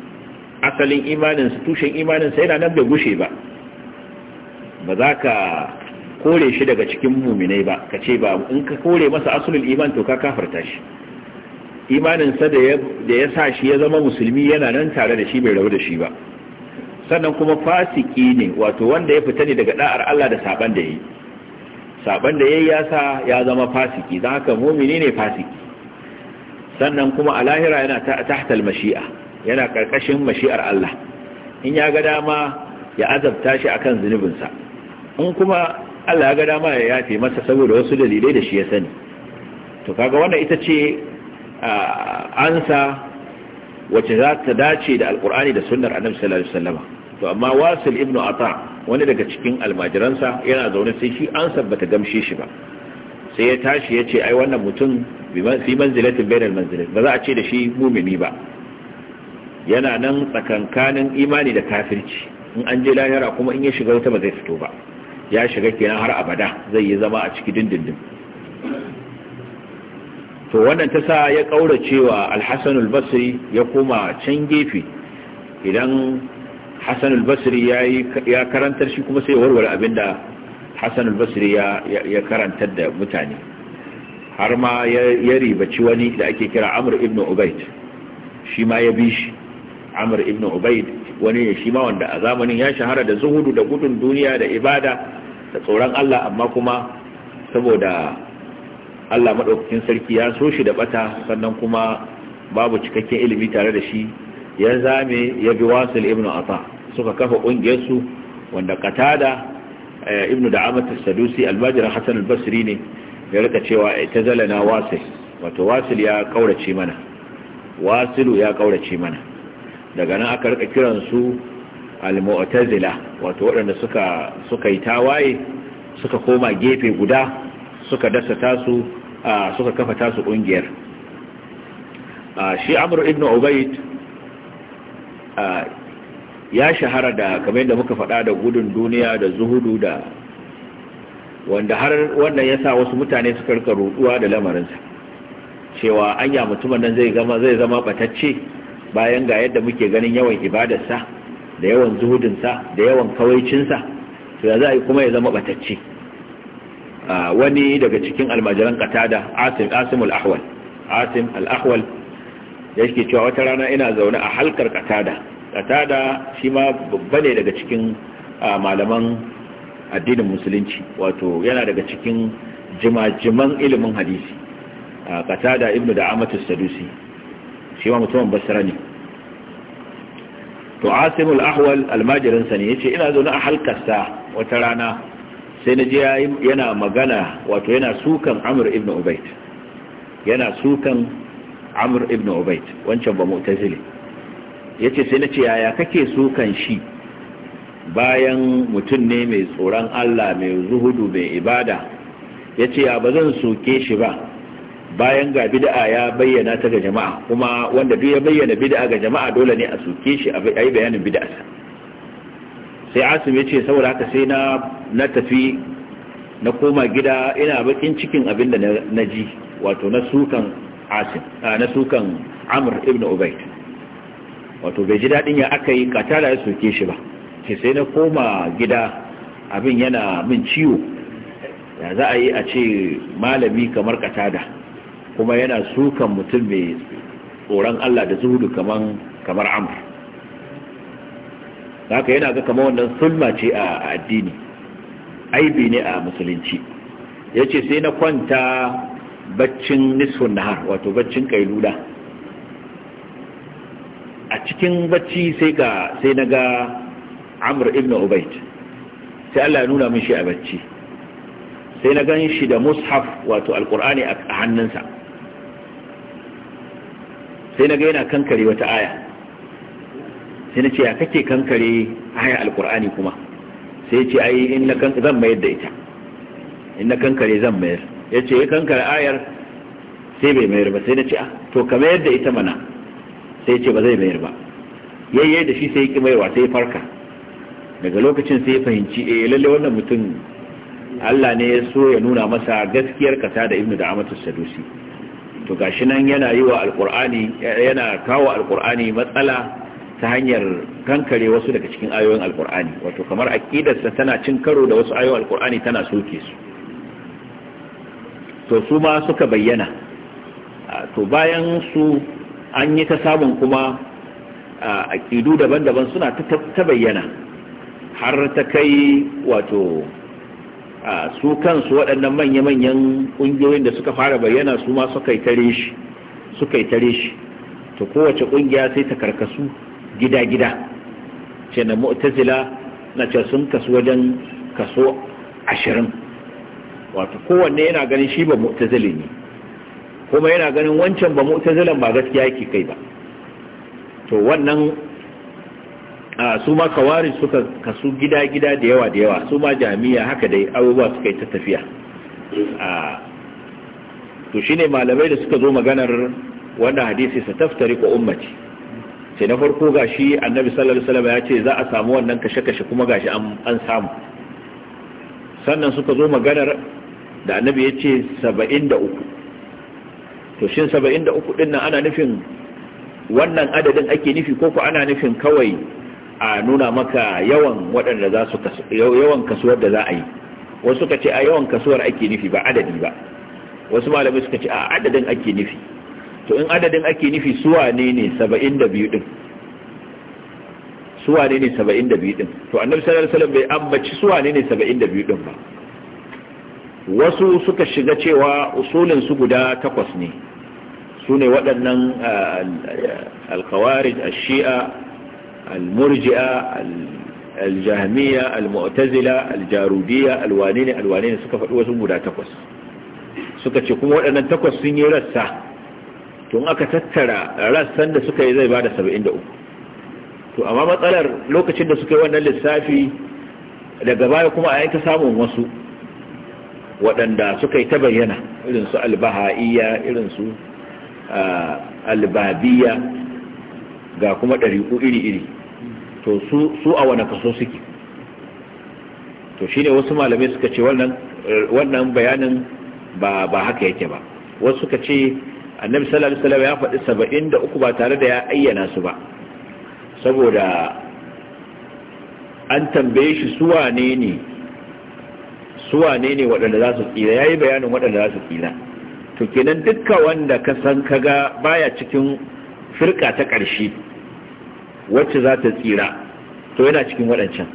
asalin imaninsa tushen imaninsa yana nan bai gushe ba ba za ka kore shi daga cikin muminai ba ka ce ba in ka kore masa asulul iman to ka kafarta shi imaninsa da ya sa shi ya zama musulmi yana nan tare da shi bai rabu da shi ba sannan kuma fasiki ne wato wanda ya fita ne daga da'ar Allah da saban da yayi saban da yayi ya sa ya zama fasiki dan haka mumini ne fasiki sannan kuma a lahira yana tahta al-mashi'a yana karkashin mashi'ar Allah in ya ga dama ya azabta shi akan zunubinsa in kuma Allah ya ga dama ya yafe masa saboda wasu dalilai da shi ya sani to kaga wannan ita ce ansa wacce za ta dace da alkur'ani da sunnar annabi sallallahu alaihi wasallam to amma wasil ibn ata wani daga cikin almajiransa yana zaune sai shi ansa bata gamshe shi ba sai ya tashi ya ce ai wannan mutum fi manzilatin bainal manzilat ba za a ce da shi mumini ba yana nan tsakankanin imani da kafirci in an je lahira kuma in ya shiga wuta ba zai fito ba ya shiga kenan har abada zai yi zama a ciki dindindin to wannan ta sa ya kaura cewa hasan basri ya koma can gefe idan Hassan al-Basri ya karantar shi kuma sai warware abinda Hassan al-Basri ya karantar da mutane har ma ya ribaci wani da ake kira amur ibn Ubaid shi ma ya bi shi amur ibn Ubaid wani ne shi ma wanda a zamanin ya shahara da zuhudu da gudun duniya da ibada da tsoron Allah amma kuma saboda Allah maɗaukakin sarki ya so shi da bata sannan kuma babu cikakken ilimi tare da shi ya zame ya bi wasil ibn ata suka kafa ƙungiyarsu wanda katada eh, ibn da as-sadusi almajirin hasan al-basri ne ya rika cewa ita zalana wasil wato wasil ya kaurace mana wasilu ya kaurace mana daga nan aka rika kiransu al-mu'tazila wato waɗanda suka suka yi tawaye suka koma gefe guda suka dasa tasu suka kafa tasu kungiyar shi amru ibn ubayd ya shahara da kamar da muka faɗa da gudun duniya da zuhudu da wanda har wannan ya sa wasu mutane suka rika ruɗuwa da lamarinsa cewa anya mutumin nan zai zama zai zama batacce bayan ga yadda muke ganin yawan ibadarsa da yawan zuhudinsa da yawan kawaicinsa to ya za yi kuma ya zama batacce wani daga cikin almajiran katada asim asim al-ahwal asim al-ahwal yake cewa wata rana ina zaune a halkar katada katada shi ma babba ne daga cikin malaman addinin musulunci wato yana daga cikin jimajiman ilimin hadisi katada ibnu da amatus sadusi shi ma mutumin basira ne to Asimul ahwal almajirinsa ne yace ina zaune a halkarsa wata rana sai na ji yana magana wato yana sukan amr ibn ubayd yana sukan amr ibn ubayd wancan ba mu'tazili yace sai na ce yaya kake sukan shi bayan mutum ne mai tsoron Allah mai zuhudu mai ibada ya ce ya ba zan shi ba bayan ga bid'a ya bayyana ta ga jama'a kuma wanda duk ya bayyana bid'a ga jama'a dole ne a suke shi a yi bayanin bid'a sai asim ya ce saboda haka sai na na tafi na koma gida ina bakin cikin abin da na ji wato na sukan asim na sukan amr ibn ubayd wato bai ji dadin ya aka yi katara ya suke shi ba sai na koma gida abin yana min ciwo ya za a yi a ce malami kamar katada kuma yana sukan mutum mai tsoron Allah da zuhudu kamar amr haka yana ga kamar wannan sulma ce a addini aibi ne a musulunci Ya ce sai na kwanta baccin nisfun nahar wato baccin kailuda. a cikin bacci sai ga sai na ga amr ibn ubaid sai Allah ya nuna mun shi a bacci sai na gan shi da mushaf wato alkur'ani a hannunsa sai na ga yana kankare wata aya sai na ce ya kake kankare aya alkur'ani kuma sai ce ai in na kankare zan mayar da ita in na kankare zan mayar ya ce ya kankare ayar sai bai mayar ba sai na ce a? Ah, to ka mayar da ita mana sai ce ba zai mayar ba yayyai da shi sai ya ki maiwa sai ya farka daga lokacin sai ya fahimci eh lalle wannan mutum Allah ne ya so ya nuna masa gaskiyar kasa da Ibnu da Sadusi to gashi nan yana yi wa alkur'ani yana kawo alkur'ani matsala ta hanyar kankare wasu daga cikin ayoyin alkur'ani wato kamar sa tana cin karo da wasu ayoyin alkur'ani tana soke su to su ma suka bayyana to bayan su an yi ta samun kuma aqidu daban-daban suna ta bayyana har ta kai wato su kansu waɗannan manya-manyan ƙungiyoyin da suka fara bayyana su ma suka yi tare shi suka yi tare shi to kowace ƙungiya sai ta karkasu gida-gida ce na mu'tazila na ce sun kasu wajen kaso ashirin wato kowanne yana ganin shi ba mu'tazilin ne kuma yana ganin wancan ba mu'tazilin ba gaskiya yake kai ba to wannan su ma kawari suka kasu gida-gida da yawa da yawa su ma jami'a haka dai abubuwa suka yi ta tafiya to shine malamai da suka zo maganar wannan hadisi sa taftari ko ummaci sai na farko gashi annabi sallallahu alaihi wasallam ya ce za a samu wannan kashe-kashe kuma gashi an samu sannan suka zo maganar da annabi ya ce 73 to shin 73 din nan ana nufin wannan adadin ake nufi ko ko ana nufin kawai a nuna maka yawan waɗanda za su yawan kasuwar da za a yi wasu suka ce a yawan kasuwar ake nufi ba adadi ba wasu malamai suka ce a adadin ake nufi to in adadin ake nufi suwa ne ne 72 din suwa ne ne 72 din to annabi sallallahu alaihi wasallam bai ambaci suwa ne ne 72 din ba wasu suka shiga cewa usulin su guda takwas ne su ne waɗannan alkawarij a shi'a al Aljamiya, al-jahmiya al-mu'tazila al-jarudiyya suka faɗi wasu guda takwas suka ce kuma waɗannan takwas sun yi rassa tun aka tattara rassan da suka yi zai bada 73 to amma matsalar lokacin da suka yi wannan lissafi daga baya kuma a yanka samun wasu waɗanda suka yi ta bayyana irinsu albaha'iyya irinsu albabiya ga kuma ɗariƙu iri-iri to su a wani kaso suke to shine wasu malamai suka ce wannan bayanin ba haka yake ba wasu suka ce annabi sallallahu alaihi wasallam ya faɗi saba'in da uku ba tare da ya ayyana su ba saboda an tambaye shi suwa ne ne suwa ne ne waɗanda za su tsira ya yi bayanin waɗanda za su tsira to kenan dukkan wanda ka san kaga baya cikin firka ta ƙarshe wacce za ta tsira to yana cikin waɗancan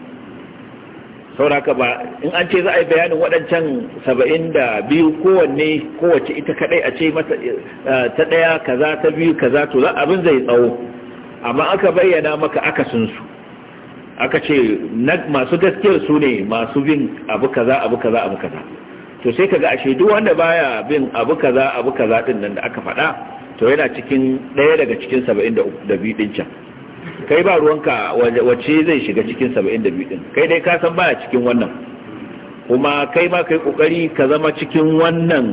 sauraka ba in an ce za a yi bayanin waɗancan saba'in da biyu kowanne kowace ita kaɗai a ce mata eh, ta ɗaya kaza ta biyu kaza to za abin zai tsawo amma aka bayyana maka akasinsu aka ce masu gaskiyar su ne masu bin abu kaza abu kaza abu kaza to sai ka ga ashe duk wanda baya bin abu kaza abu kaza din nan da aka faɗa to yana cikin ɗaya daga cikin saba'in da biyu din can kai ba ruwanka wace zai shiga cikin 72 din kai dai ka san baya cikin wannan kuma kai ma kai kokari ka zama cikin wannan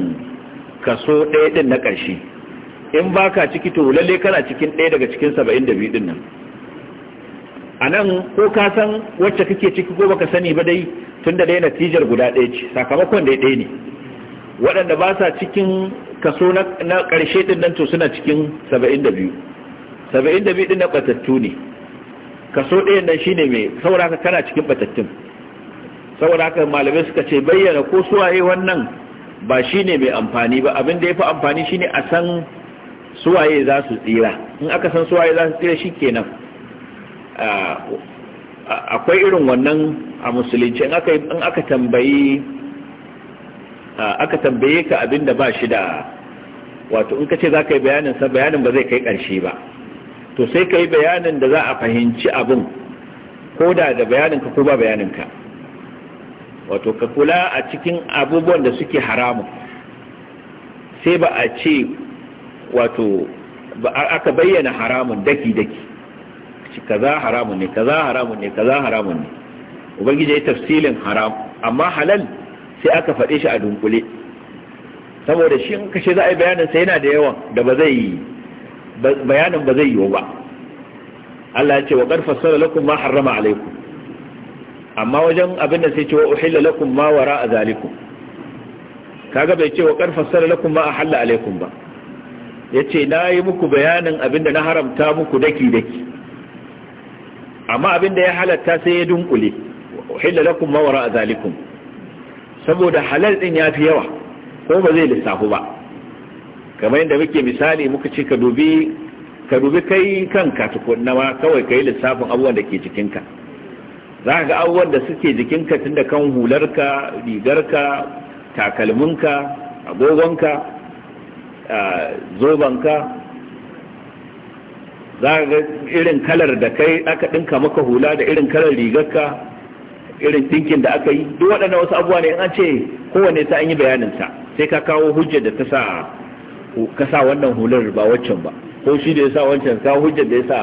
kaso ɗaya din na ƙarshe in ba ka ciki to lalle kana cikin ɗaya daga cikin 72 din nan a nan ko ka san wacce kake ciki ko baka sani ba dai tun da dai natijar guda ɗaya ce sakamakon dai ɗaya ne waɗanda ba sa cikin kaso na ƙarshe ɗin nan to suna cikin 72 saba'in da biɗin na batattu ne kaso ɗayan nan shine mai saboda haka kana cikin batattun saboda haka malamai suka ce bayyana ko suwaye wannan ba shine mai amfani ba abin da ya fi amfani shine a san suwaye za su tsira in aka san suwaye za su tsira shi kenan akwai irin wannan a musulunci in aka tambayi aka tambaye ka abin da ba shi da wato in ka ce za ka yi bayanin sa bayanin ba zai kai ƙarshe ba to sai ka yi bayanin da za a fahimci abin ko da da bayaninka ko ba bayaninka wato ka kula a cikin abubuwan da suke haramun sai ba a ce wato aka bayyana haramun daki-daki kaza haramun ne kaza haramun ne kaza haramun ne ubangiji ya tafsilin haram amma halal sai aka faɗe shi a dunkule saboda shi in kashe za a yi bayanin sai yana da yawan da ba zai yi bayanin ba zai yiwu ba Allah ya ce wa qad fassara lakum ma harrama alaykum amma wajen abin da sai ce wa uhilla lakum ma wara'a zalikum kaga bai ce wa qad fassara lakum ma ahalla alaykum ba yace yi muku bayanin abin da na haramta muku daki daki amma abin da ya halatta sai ya dunkule uhilla lakum ma wara'a zalikum saboda halal din ya fi yawa ko ba zai lissafu ba kamar yadda muke misali muka ce ka dubi ka dubi kai kanka tukunnawa kawai kayi lissafin abubuwan da ke jikinka za ga abubuwan da suke jikinka tun da kan hularka rigarka takalminka agogonka zobanka za ga irin kalar da kai aka ɗinka maka hula da irin kalar rigarka irin ɗinkin da aka yi duk waɗannan wasu abubuwa ne an ce kowane ta an yi bayanin bayaninsa sai ka kawo hujjar da ta sa ka sa wannan hular ba waccan ba ko shi da ya sa wancan ka hujjar da ya sa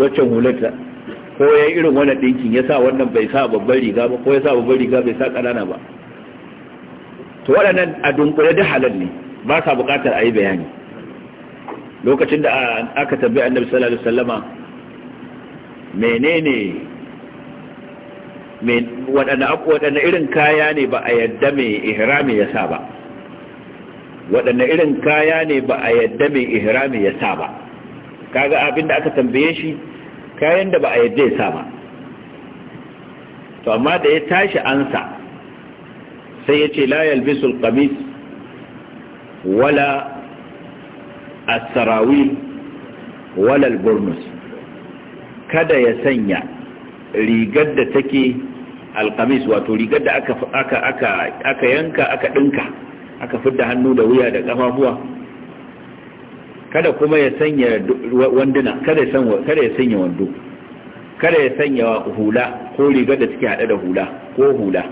waccan hular ta ko ya irin wannan ɗinkin ya sa wannan bai sa babbar riga ba ko ya sa babbar riga bai sa ƙanana ba to waɗannan a dunkule da halal ne ba sa buƙatar a yi bayani lokacin da aka tabbai annabi sallallahu alaihi wasallama menene waɗanne irin kaya ne ba a yadda mai ihrami ya sa ba waɗanne irin kaya ne ba a yadda mai ihrami ya sa ba kaga abin da aka tambaye shi kayan da ba a yadda ya sa ba to amma da ya tashi ansa sai ya ce layal yalbisu alqamis wala as wala burnus kada ya sanya rigar da take alkamis wato rigar da aka aka aka yanka aka ɗinka. aka fidda hannu da wuya da kafafuwa kada kuma ya sanya wanduna kada ya sanya wando kada ya sanya hula ko rigar da suke hada da hula ko hula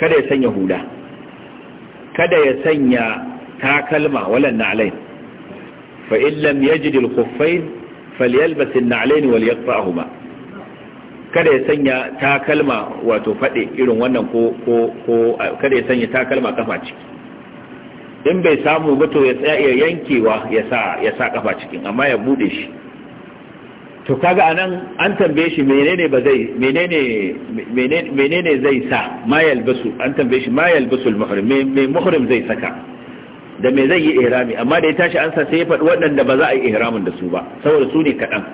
kada ya sanya hula kada ya sanya takalma walan na'lain fa in lam yajid al-khuffayn falyalbas an-na'layn walyaqta'huma kada ya sanya takalma wato fade irin wannan ko ko ko kada ya sanya takalma kafa ciki in bai samu ba to ya tsaya ya yankewa ya sa ya sa kafa cikin amma ya bude shi to kaga anan an tambaye shi menene ba zai menene menene zai sa ma yalbasu an tambaye shi ma yalbasu al-muhrim me muhrim zai saka da me zai yi ihrami amma da ya tashi an sa sai ya faɗi waɗanda ba za a yi ihramin da su ba saboda su ne kaɗan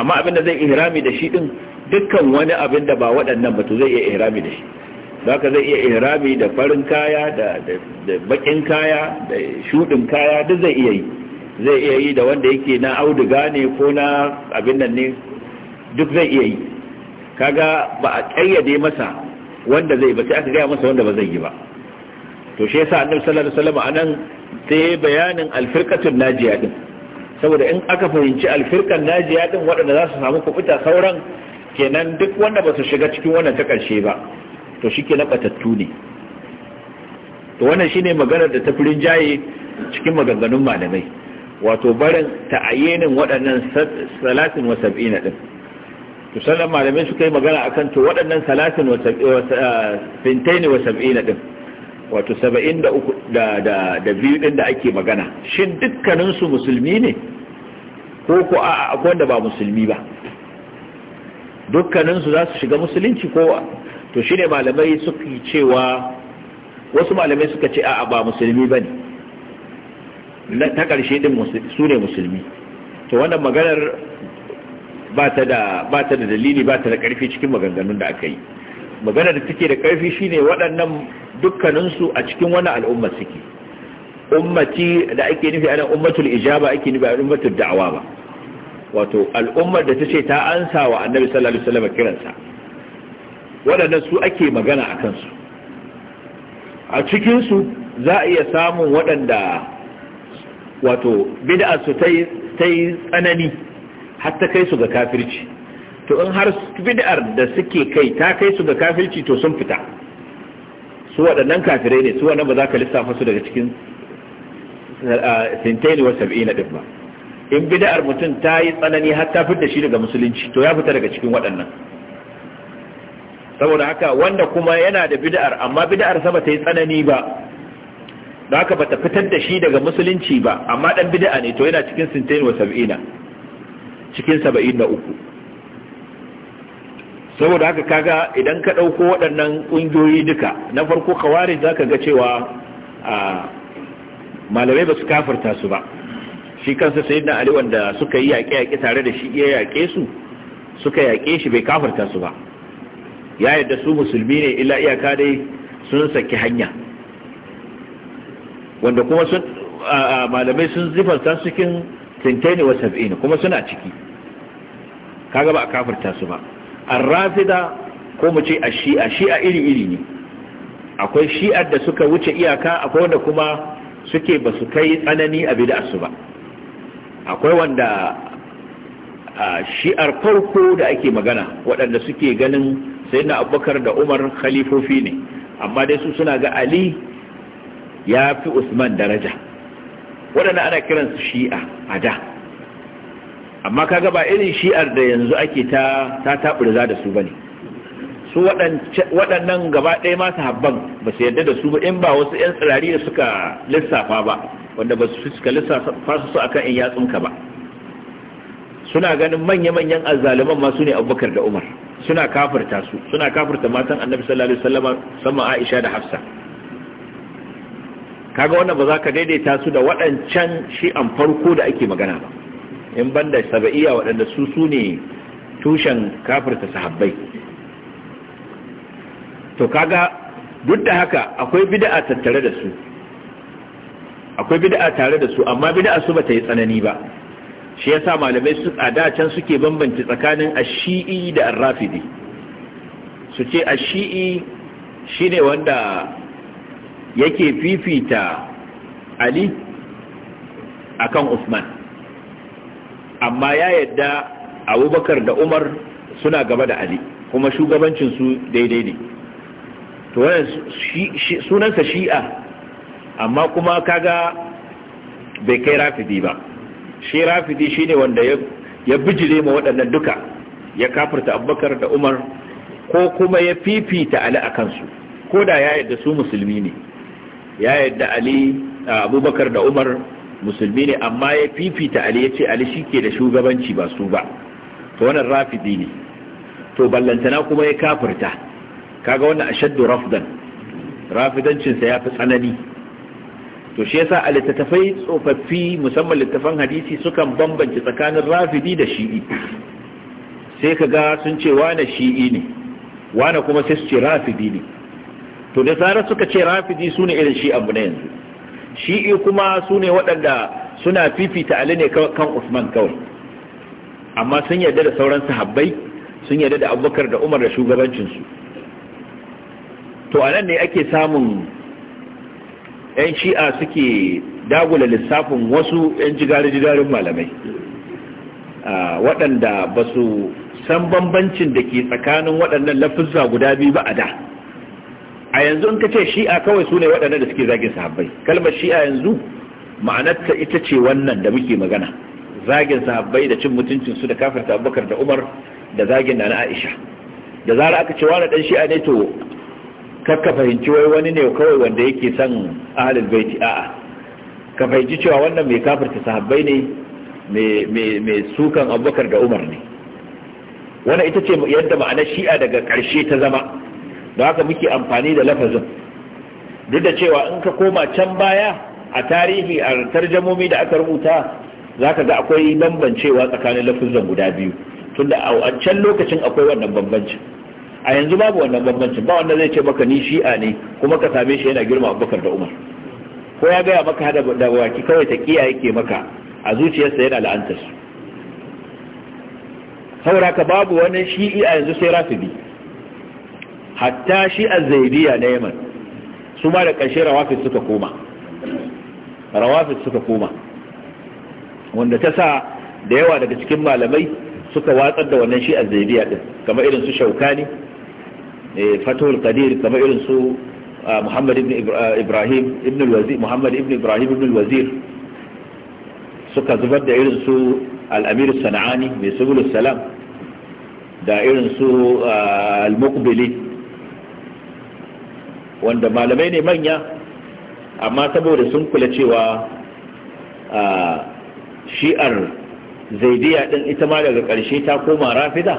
amma abinda zai ihrami da shi ɗin dukkan wani abin da ba waɗannan ba to zai iya ihrami da shi ka zai iya ihrami da farin kaya da da bakin kaya da shudin kaya duk zai iya yi zai iya yi da wanda yake na auduga ne ko na abin nan ne duk zai iya yi kaga ba a kayyade masa wanda zai ba sai aka gaya masa wanda ba zai yi ba to shi yasa annabi sallallahu alaihi wasallam anan sai bayanin alfirqatul najiya din saboda in aka fahimci alfirkan najiya din waɗanda za su samu kubuta sauran kenan duk wanda ba su shiga cikin wannan ta ƙarshe ba to shi ke batattu ne to wannan shi ne maganar da ta firin jaye cikin maganganun malamai wato barin ta'ayyenin waɗannan salatin wa sab'ina ɗin to sannan malamai suka yi magana a kan to waɗannan salatin wa fintaini wa sab'ina ɗin wato saba'in da biyu ɗin da ake magana shin dukkaninsu musulmi ne ko ko a'a akwai wanda ba musulmi ba dukkaninsu za su shiga musulunci kowa to shi ne malamai suka cewa wasu malamai suka ce a'a ba musulmi ba ne ta ƙarshe din su ne musulmi to wannan maganar ba ta da dalili ba ta da ƙarfi cikin maganganun da aka yi maganar da take da ƙarfi shine waɗannan dukkaninsu a cikin wani al'umma suke ummati da ake nufi ana ummatul ijaba ake nufi a ummatul da'awa ba wato al'ummar da ta ce ta ansa wa annabi sallallahu alaihi wasallam kiransa waɗannan su ake magana a kansu a cikinsu za a iya samun waɗanda wato bid'a su ta yi tsanani har ta kai su ga kafirci to in har bid'ar da suke kai ta kai su ga kafirci to sun fita su waɗannan kafirai ne su waɗannan ba za ka lissafa su daga cikin 70 eh, din ɗin ba in bid'ar mutum ta yi tsanani har ta fitar shi daga musulunci to ya fita daga cikin waɗannan saboda haka wanda kuma yana da bid'ar amma bid'ar sa bata yi tsanani ba da haka bata fitar da shi daga musulunci ba amma dan bid'a ne to yana cikin sintain wa sab'ina cikin saba'in da uku saboda haka kaga idan ka ɗauko waɗannan ƙungiyoyi duka na farko kawari za ka ga cewa malamai ba su kafarta su ba shi kansa na ali wanda suka yi yaƙe yaƙe tare da shi iya yaƙe su suka yaƙe shi bai kafarta su ba ya yadda su musulmi ne illa iyaka dai sun saki hanya wanda kuma sun malamai sun zifarta cikin tintaini wa sab'in kuma suna ciki kaga ba a kafarta su ba ar-rafida ko mu ce a shi'a iri-iri ne akwai shi'ar da suka wuce iyaka akwai wanda kuma suke ba su kai tsanani a bid'a su ba akwai wanda a shi'ar farko da ake magana waɗanda suke ganin sai na abubakar da umar khalifofi ne amma dai su suna ga ali ya fi usman daraja waɗanda ana kiransu shi'a a da amma kaga ba irin shi'ar da yanzu ake ta taɓurza da su ba ne su waɗannan gaba ɗaya masu habban ba su yarda da su ba in ba wasu 'yan tsirari da suka lissafa ba wanda ba su suka lissafa su akan in yatsunka ba suna ganin manya-manyan azzaluman ma su ne abubakar da umar suna kafirta su suna kafirta matan annabi sallallahu alaihi wasallam sama aisha da hafsa kaga wannan ba za ka daidaita su da waɗancan shi an farko da ake magana ba in banda saba'iya waɗanda su su ne tushen kafirta sahabbai to kaga duk da haka akwai bid'a tattare da su akwai bid'a tare da su amma bid'a su bata yi tsanani ba shi yasa malamai su tsada can suke bambanci tsakanin ashi'i da arrafidi su ce ashi'i shine wanda yake fifita ali akan usman amma ya yadda abubakar da umar suna gaba da ali kuma shugabancinsu daidai ne to wannan sunansa shi'a amma kuma kaga bai kai rafidi ba shi rafidi shine wanda ya bijire ma waɗannan duka ya kafirta abubakar da umar ko kuma ya fifita ali a kansu ko da ya yadda su musulmi ne ya yadda ali abubakar da umar musulmi ne amma ya fifita ali ya ce ali shi ke da shugabanci ba su ba to wannan rafidi ne to ballantana kuma ya kafirta kaga wannan ashaddu rafdan rafidancin sa yafi tsanani to shi yasa a littattafai tsofaffi musamman littattafan hadisi sukan bambance tsakanin rafidi da shi'i sai kaga sun ce wane shi'i ne wane kuma sai su ce rafidi ne to da zarar suka ce rafidi su irin shi abu na yanzu shi'i kuma su ne waɗanda suna fifita ali ne kan usman kawai amma sun yarda da sauran sahabbai sun yarda da abubakar da umar da shugabancinsu to a nan ne ake samun 'yan shi'a suke dagula lissafin wasu 'yan jigari-jigarin malamai waɗanda ba su san bambancin da ke tsakanin waɗannan lafizza guda biyu ba a da a yanzu in ka ce shi'a kawai su ne waɗanda da suke zagin sahabbai kalmar shi'a yanzu ma'anarta ita ce wannan da muke magana zagin sahabbai da cin mutuncin su da kafirta abubakar da umar da zagin da na aisha da zara aka ce wani ɗan shi'a ne to kakka fahimci wai wani ne kawai wanda yake son ahalin baiti a'a ka fahimci cewa wannan mai kafirta sahabbai ne mai sukan abubakar da umar ne Wani ita ce yadda ma'ana shi'a daga karshe ta zama da haka muke amfani da lafazin duk da cewa in ka koma can baya a tarihi a tarjamomi da aka rubuta za ka ga akwai bambancewa tsakanin lafazin guda biyu tunda a wancan lokacin akwai wannan bambancin a yanzu babu wannan bambancin ba wanda zai ce maka ni shi'a ne kuma ka same shi yana girma abubakar da umar ko ya gaya maka da waki kawai ta kiya yake maka a zuciyarsa yana la'antar su saboda ka babu wani shi'i a yanzu sai rafidi hatta shi a zaidiya na yaman su ma da ƙarshe rawafis suka koma rawafis suka koma wanda ta sa da yawa daga cikin malamai suka watsar da wannan shi a zaidiya din kamar irin su shaukani Eh, fatul qadir kamar irin su ah, muhammad ibn ah, ibrahim ibn al-wazir muhammad ibn ibrahim ibn al-wazir suka zubar da irin su al-amir sana'ani mai sabul salam da irin su ah, al-muqbili wanda malamai ne manya amma saboda sun kula cewa shi'ar zaidiya din ita ma daga ƙarshe ta koma rafida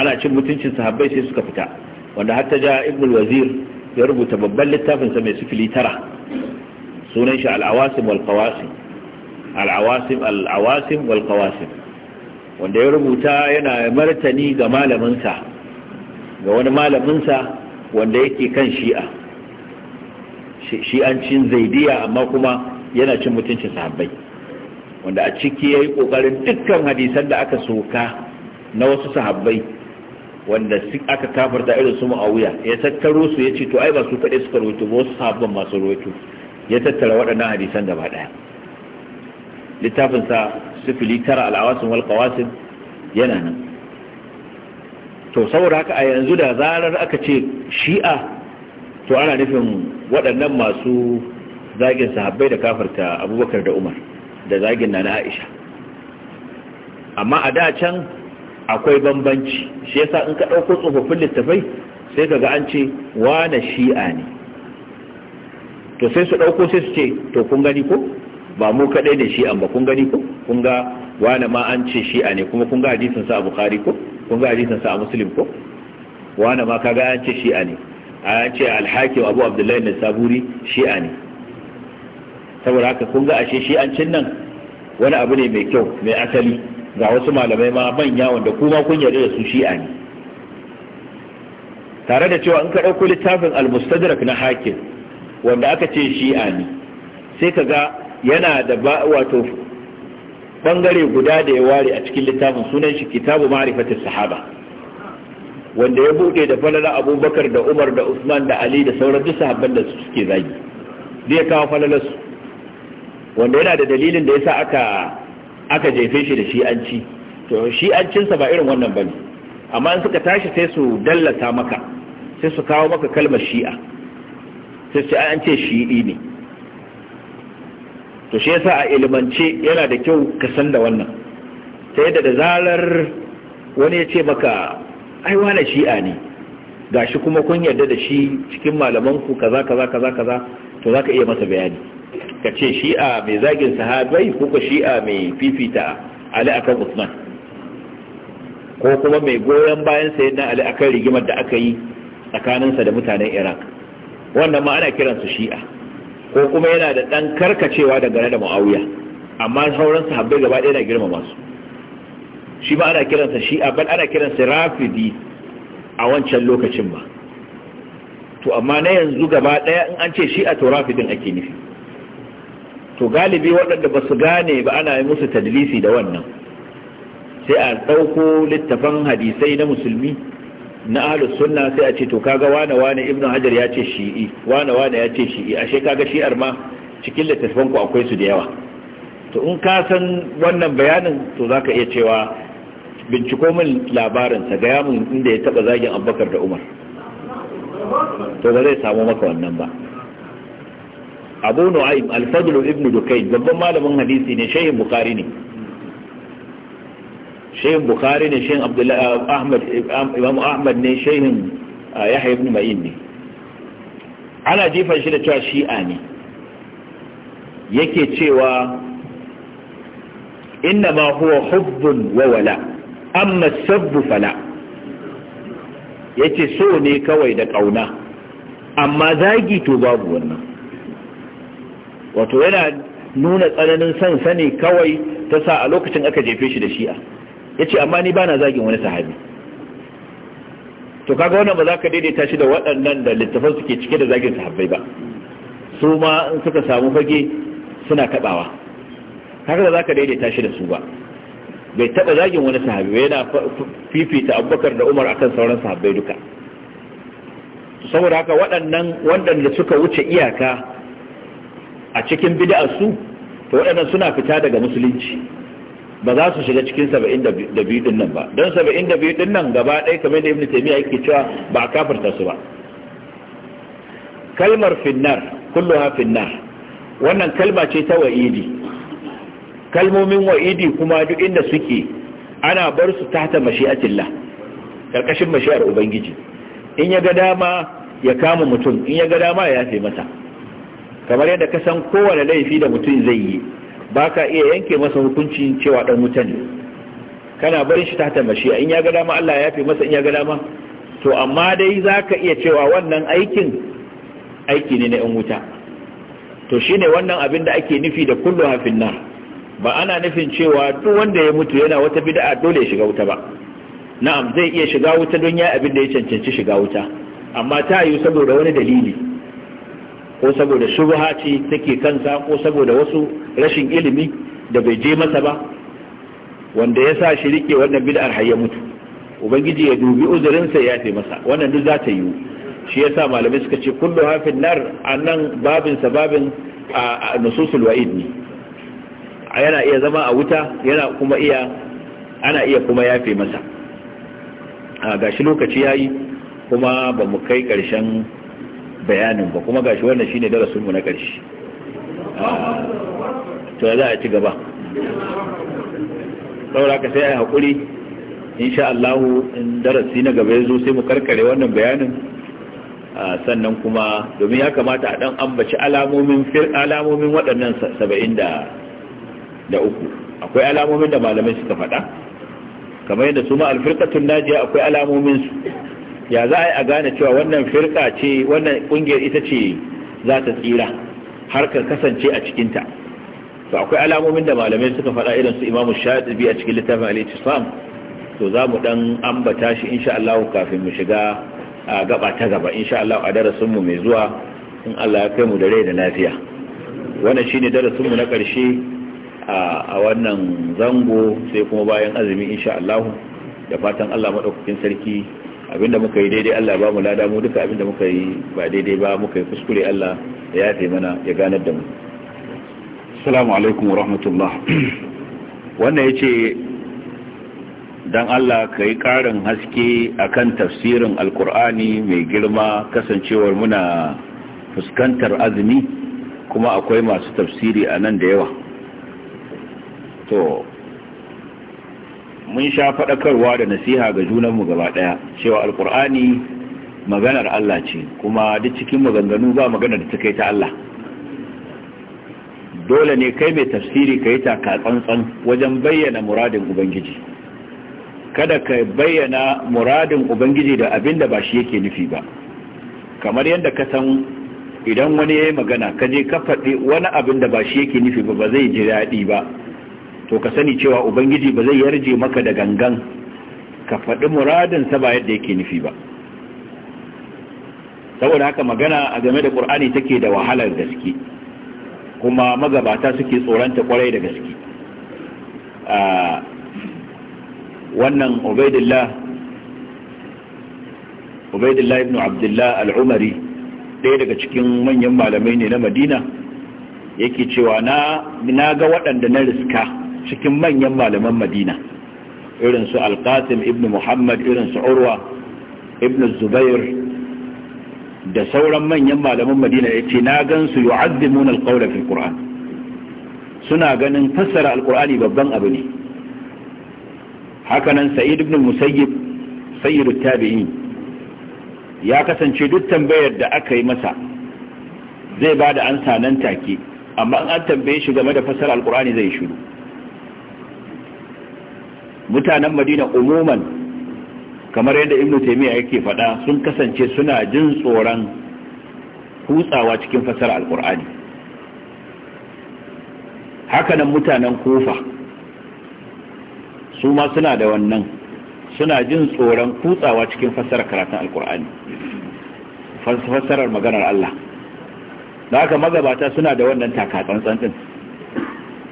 ana cin mutuncin sahabbai sai suka fita wanda hatta ja ibn wazir ya rubuta babban littafinsa mai sifili tara sunan shi al'awasim wal qawasim al'awasim wal qawasim wanda ya rubuta yana martani ga malaminsa ga wani malaminsa wanda yake kan shi'a shi'ancin zaidiya amma kuma yana cin mutuncin sahabbai wanda a ciki yayi kokarin dukkan hadisan da aka soka na wasu sahabbai wanda aka kafarta irin su ma'auya ya tattaro su ya ce to ai ba su kaɗai suka rawaito ba wasu sahabban masu rawaito ya tattara waɗannan hadisan gaba ɗaya littafinsa sifili tara al'awasin wal yana nan to saboda haka a yanzu da zarar aka ce shi'a to ana nufin waɗannan masu zagin sahabbai da kafarta abubakar da umar da zagin na na aisha amma a da can akwai bambanci shi yasa in ka ɗauko tsofaffin littafai sai ka ga an ce wane shi'a ne to sai su ɗauko sai su ce to kun gani ko ba mu kaɗai ne shi'an ba kun gani ko kun ga wane ma an ce shi'a ne kuma kun ga hadisin sa a bukhari ko kun ga hadisin sa a muslim ko wane ma kaga an ce shi'a ne an ce alhakim abu abdullahi ne saburi shi'a ne saboda haka kun ga ashe shi'ancin nan wani abu ne mai kyau mai asali ga wasu malamai ma manya wanda kuma kun yarda da su shi'a ne tare da cewa in ka ɗauko littafin al-mustadrak na hakim wanda aka ce shi'a ne sai ka ga yana da wato bangare guda da ya ware a cikin littafin sunan shi kitabu ma'rifatu sahaba wanda ya buɗe da falala abubakar da umar da usman da ali da sauran duk sahabban da suke zagi zai kawo falalarsu wanda yana da dalilin da yasa aka aka jefe shi da shi'anci to shi'ancinsa ba irin wannan bane amma in suka tashi sai su dallata maka sai su kawo maka kalmar shi'a sai su an ce shi'i ne to shi yasa a ilimance yana da kyau ka san da wannan sai da da zarar wani ya ce maka ai wani shi'a ne gashi kuma kun yarda da shi cikin malamanku kaza kaza kaza kaza to zaka iya masa bayani ka ce shi'a mai zagin sahabai ko ka shi'a mai fifita ali akan usman ko kuma mai goyon bayan sayan na ali akan rigimar da aka yi tsakaninsa da mutanen iraq wannan ma ana kiransu shi'a ko kuma yana da ɗan karkacewa dangane da mu'awiya amma sauran sahabbai gaba ɗaya na girmama su shi ma ana kiransa shi'a bal ana kiransa rafidi a wancan lokacin ba to amma na yanzu gaba ɗaya in an ce shi'a to rafidin ake nufi to galibi waɗanda ba su gane ba ana yi musu tadlisi da wannan sai a ɗauko littafan hadisai na musulmi na ahlus sunna sai a ce to kaga wane wane ibnu hajar ya ce shi'i wane wane ya ce shi'i ashe kaga shi'ar ma cikin littafan ku akwai su da yawa to in ka san wannan bayanin to zaka iya cewa binciko min labarin sa gaya mun inda ya taba zagin Abubakar da Umar to ba zai samu maka wannan ba abu nu'aym al-fadl ibn dukayn babban malamin hadisi ne shehin bukhari ne shehin bukhari ne shehin abdullahi uh, ahmad um, imam ahmad ne shehin uh, yahya ibn ma'in ne ana jifan shi da cewa shi'a ne yake cewa inna ma huwa hubbun wa wala amma sabbu fala yace so ne kawai da kauna amma zagi to babu wannan wato yana nuna tsananin son sani kawai ta sa a lokacin aka jefe shi da shi'a ya ce amma ni bana zagin wani sahabi to kaga wannan ba za ka daidaita shi da waɗannan da littafan suke cike da zagin sahabbai ba su ma in suka samu fage suna taɓawa kaga da za ka daidaita shi da su ba bai taɓa zagin wani sahabi ba yana fifita abubakar da umar akan sauran sahabbai duka saboda haka waɗannan waɗanda suka wuce iyaka a cikin bid'arsu su to waɗannan suna fita daga musulunci ba za su shiga cikin 72 din nan ba don 72 din nan gaba ɗaya kamar da ibn taymiya yake cewa ba a kafarta su ba kalmar finnar kulluha finnar wannan kalma ce ta wa'idi kalmomin wa'idi kuma duk inda suke ana bar su tahta mashi'atillah karkashin mashi'ar ubangiji in ya ga dama ya kama mutum in ya ga dama ya yafe masa kamar yadda ka san kowane laifi da mutum zai yi ba ka iya yanke masa hukunci cewa dan wuta ne kana barin shi tahta shi in ya ga dama Allah ya fi masa in ya ga dama to amma dai za ka iya cewa wannan aikin aiki ne na yan wuta to shine wannan abin da ake nufi da kullu hafin ba ana nufin cewa duk wanda ya mutu yana wata bida'a dole ya shiga wuta ba na'am zai iya shiga wuta don ya abin da ya cancanci shiga wuta amma ta yiwu saboda wani dalili ko saboda shubha ce take kansa ko saboda wasu rashin ilimi da bai je masa ba wanda ya sa shi rike wannan bid'ar har ya mutu ubangiji ya dubi uzurinsa ya yafe masa wannan duk za ta yiwu shi ya sa malamai suka ce kullu hafin nar a nan babin sababin a nususul wa'id ne yana iya zama a wuta yana kuma iya ana iya kuma yafe masa a gashi lokaci yayi kuma bamu kai karshen bayanin ba kuma gashi wannan shine darasin mu na ƙarshe to za a ci gaba saboda ka sai a hakuri insha Allah in darasi na gaba yazo sai mu karkare wannan bayanin sannan kuma domin ya kamata a dan ambaci alamomin fir alamomin waɗannan 70 da uku akwai alamomin da malamai suka faɗa kamar yadda su ma alfirqatun najiya akwai alamomin su ya za a yi a gane cewa wannan firka ce wannan kungiyar ita ce za ta tsira har ka kasance a cikinta to akwai alamomin da malamai suka faɗa irin su imamu shaɗibi a cikin littafin al-ittisam to za mu dan ambata shi insha Allah kafin mu shiga a gaba ta gaba insha Allah a darasin mu mai zuwa in Allah ya kai mu da rai da lafiya wannan shine darasin mu na karshe a wannan zango sai kuma bayan azumi insha Allah da fatan Allah madaukakin sarki abinda muka yi daidai Allah ba mu lada mu duka abinda muka yi ba daidai ba muka yi kuskure Allah ya yafe mana ya ganar da mu Salamu alaikum wa rahmatullah wannan ya ce don Allah ka yi karin haske a kan tafsirin alkur'ani mai girma kasancewar muna fuskantar azumi kuma akwai masu tafsiri a nan da yawa mun sha faɗakarwa da nasiha ga junanmu gaba ɗaya cewa alkur'ani maganar Allah ce kuma duk cikin maganganu ba magana da ta kai ta Allah dole ne kai mai tafsiri ka yi taka tsantsan wajen bayyana muradin ubangiji kada ka bayyana muradin ubangiji da abin da ba shi yake nufi ba kamar yadda ka san idan wani ya yi magana ka je ka faɗi wani abin da ba shi yake nufi ba ba zai ji daɗi ba to ka sani cewa ubangiji ba zai yarje maka da gangan ka faɗi muradinsa ba yadda yake nufi ba saboda haka magana a game da ƙur'ani take da wahalar gaske kuma magabata suke tsoronta kwarai da gaske wannan ubaidillah ubaidillah ibn abdullah al'umari ɗaya daga cikin manyan malamai ne na madina yake cewa na ga waɗanda na riska cikin manyan malaman madina irin su alkasim ibn muhammad irin su urwa ibn zubair da sauran manyan malaman madina ya ce na gan su yi azzimun alkaura ƙura'an suna ganin fassara alkur'ani babban abu ne hakanan sa'id ibn musayyib sayyidu tabi'in ya kasance duk tambayar da aka yi masa zai ba da ansa nan take amma an tambaye shi game da fassara alkur'ani zai shiru mutanen madina umuman kamar yadda ibnu taymiya yake faɗa sun kasance suna jin tsoron hutsawa cikin fasar alkur'ani hakanan mutanen kufa su ma suna da wannan suna jin tsoron kutsawa cikin fasara karatun alkur'ani fasarar maganar Allah da haka magabata suna da wannan takatsantsan din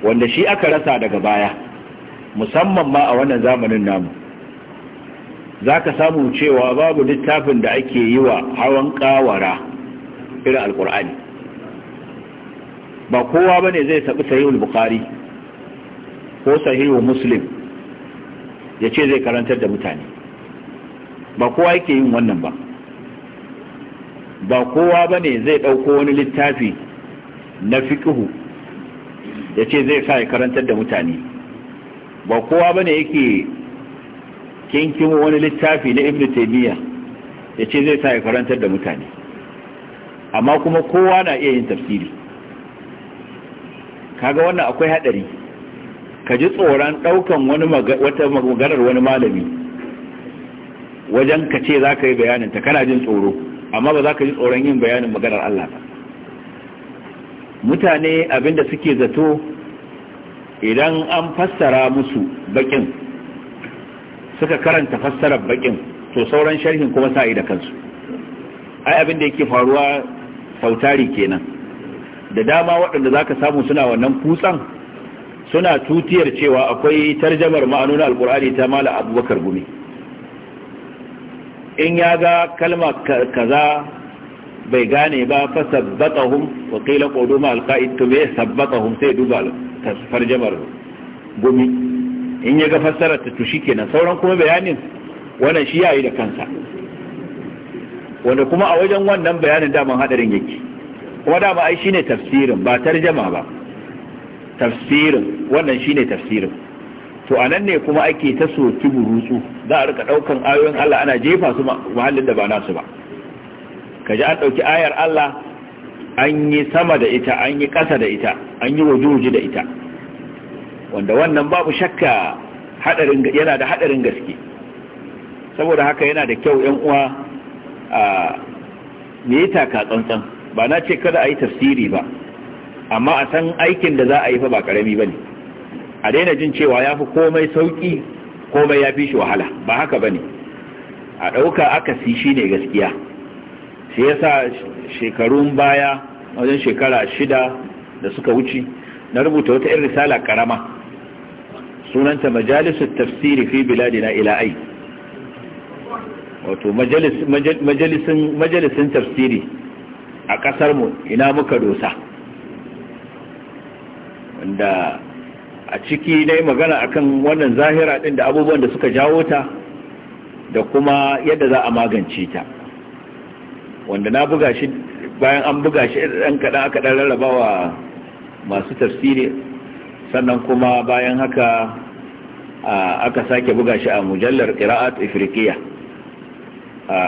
wanda shi aka rasa daga baya musamman ma a wannan zamanin namu za ka samu cewa babu littafin da ake yi wa hawan kawara irin alkur'ani ba kowa ba ne zai saɓi sahihul bukari ko sahihul muslim ya ce zai karantar da mutane ba kowa yake yin wannan ba ba kowa ba ne zai ɗauko wani littafi na fiƙihu ya ce zai sa ya karantar da mutane ba kowa bane yake kinkimo wani littafi na ibnu ya yace zai sa ya karantar da mutane amma kuma kowa na iya yin tafsiri kaga wannan akwai hadari ka ji tsoron daukan wani wata maganar wani malami wajen ka ce za ka yi bayanin ta kana jin tsoro amma ba za ka ji tsoron yin bayanin maganar Allah ba mutane abinda suke zato idan an fassara musu bakin suka karanta fassarar bakin to sauran sharhin kuma sa'i da kansu ai abin da yake faruwa sautari kenan da dama waɗanda zaka samu suna wannan kutsan suna tutiyar cewa akwai tarjamar ma'anonin alkur'ani ta mala abubakar gumi in ya ga kalma kaza bai gane ba fa sabbatahum wa qila quduma alqa'id to me sabbatahum sai duba farjamar gumi in ya ga fassarar ta to shikenan sauran kuma bayanin wannan shi yayi da kansa wanda kuma a wajen wannan bayanin da daman hadarin yake kuma da ba ai shine tafsirin ba tarjama ba tafsirin wannan shine tafsirin to anan ne kuma ake ta soki burutsu za a rika daukan ayoyin Allah ana jefa su mahallin da ba nasu ba kaji an ɗauki ayar Allah an yi sama da ita an yi ƙasa da ita an yi wajuji da ita wanda wannan babu shakka yana da haɗarin gaske saboda haka yana da kyau ‘yan uwa a yi taka tsantsan ba na ce kada a yi tafsiri ba amma a san aikin da za a yi fa ba ƙarami ba ne a daina jin cewa ya fi komai sauƙi komai ya fi shi wahala ba haka ba ne a ɗauka akasi shi ne gaskiya shi yasa shekarun baya wajen shekara shida da suka wuce na rubuta wata irin risala karama sunanta majalisar tafsiri fi biladina ila'ai wato majalisun tafsiri a ƙasarmu ina muka dosa wanda a ciki na yi magana akan wannan zahira ɗin da abubuwan da suka jawo ta da kuma yadda za a magance ta wanda na buga shi bayan an buga shi ɗan kaɗan aka ɗan rarraba wa masu tafsiri sannan kuma bayan haka aka sake buga shi a mujallar ƙira'at ifirkiya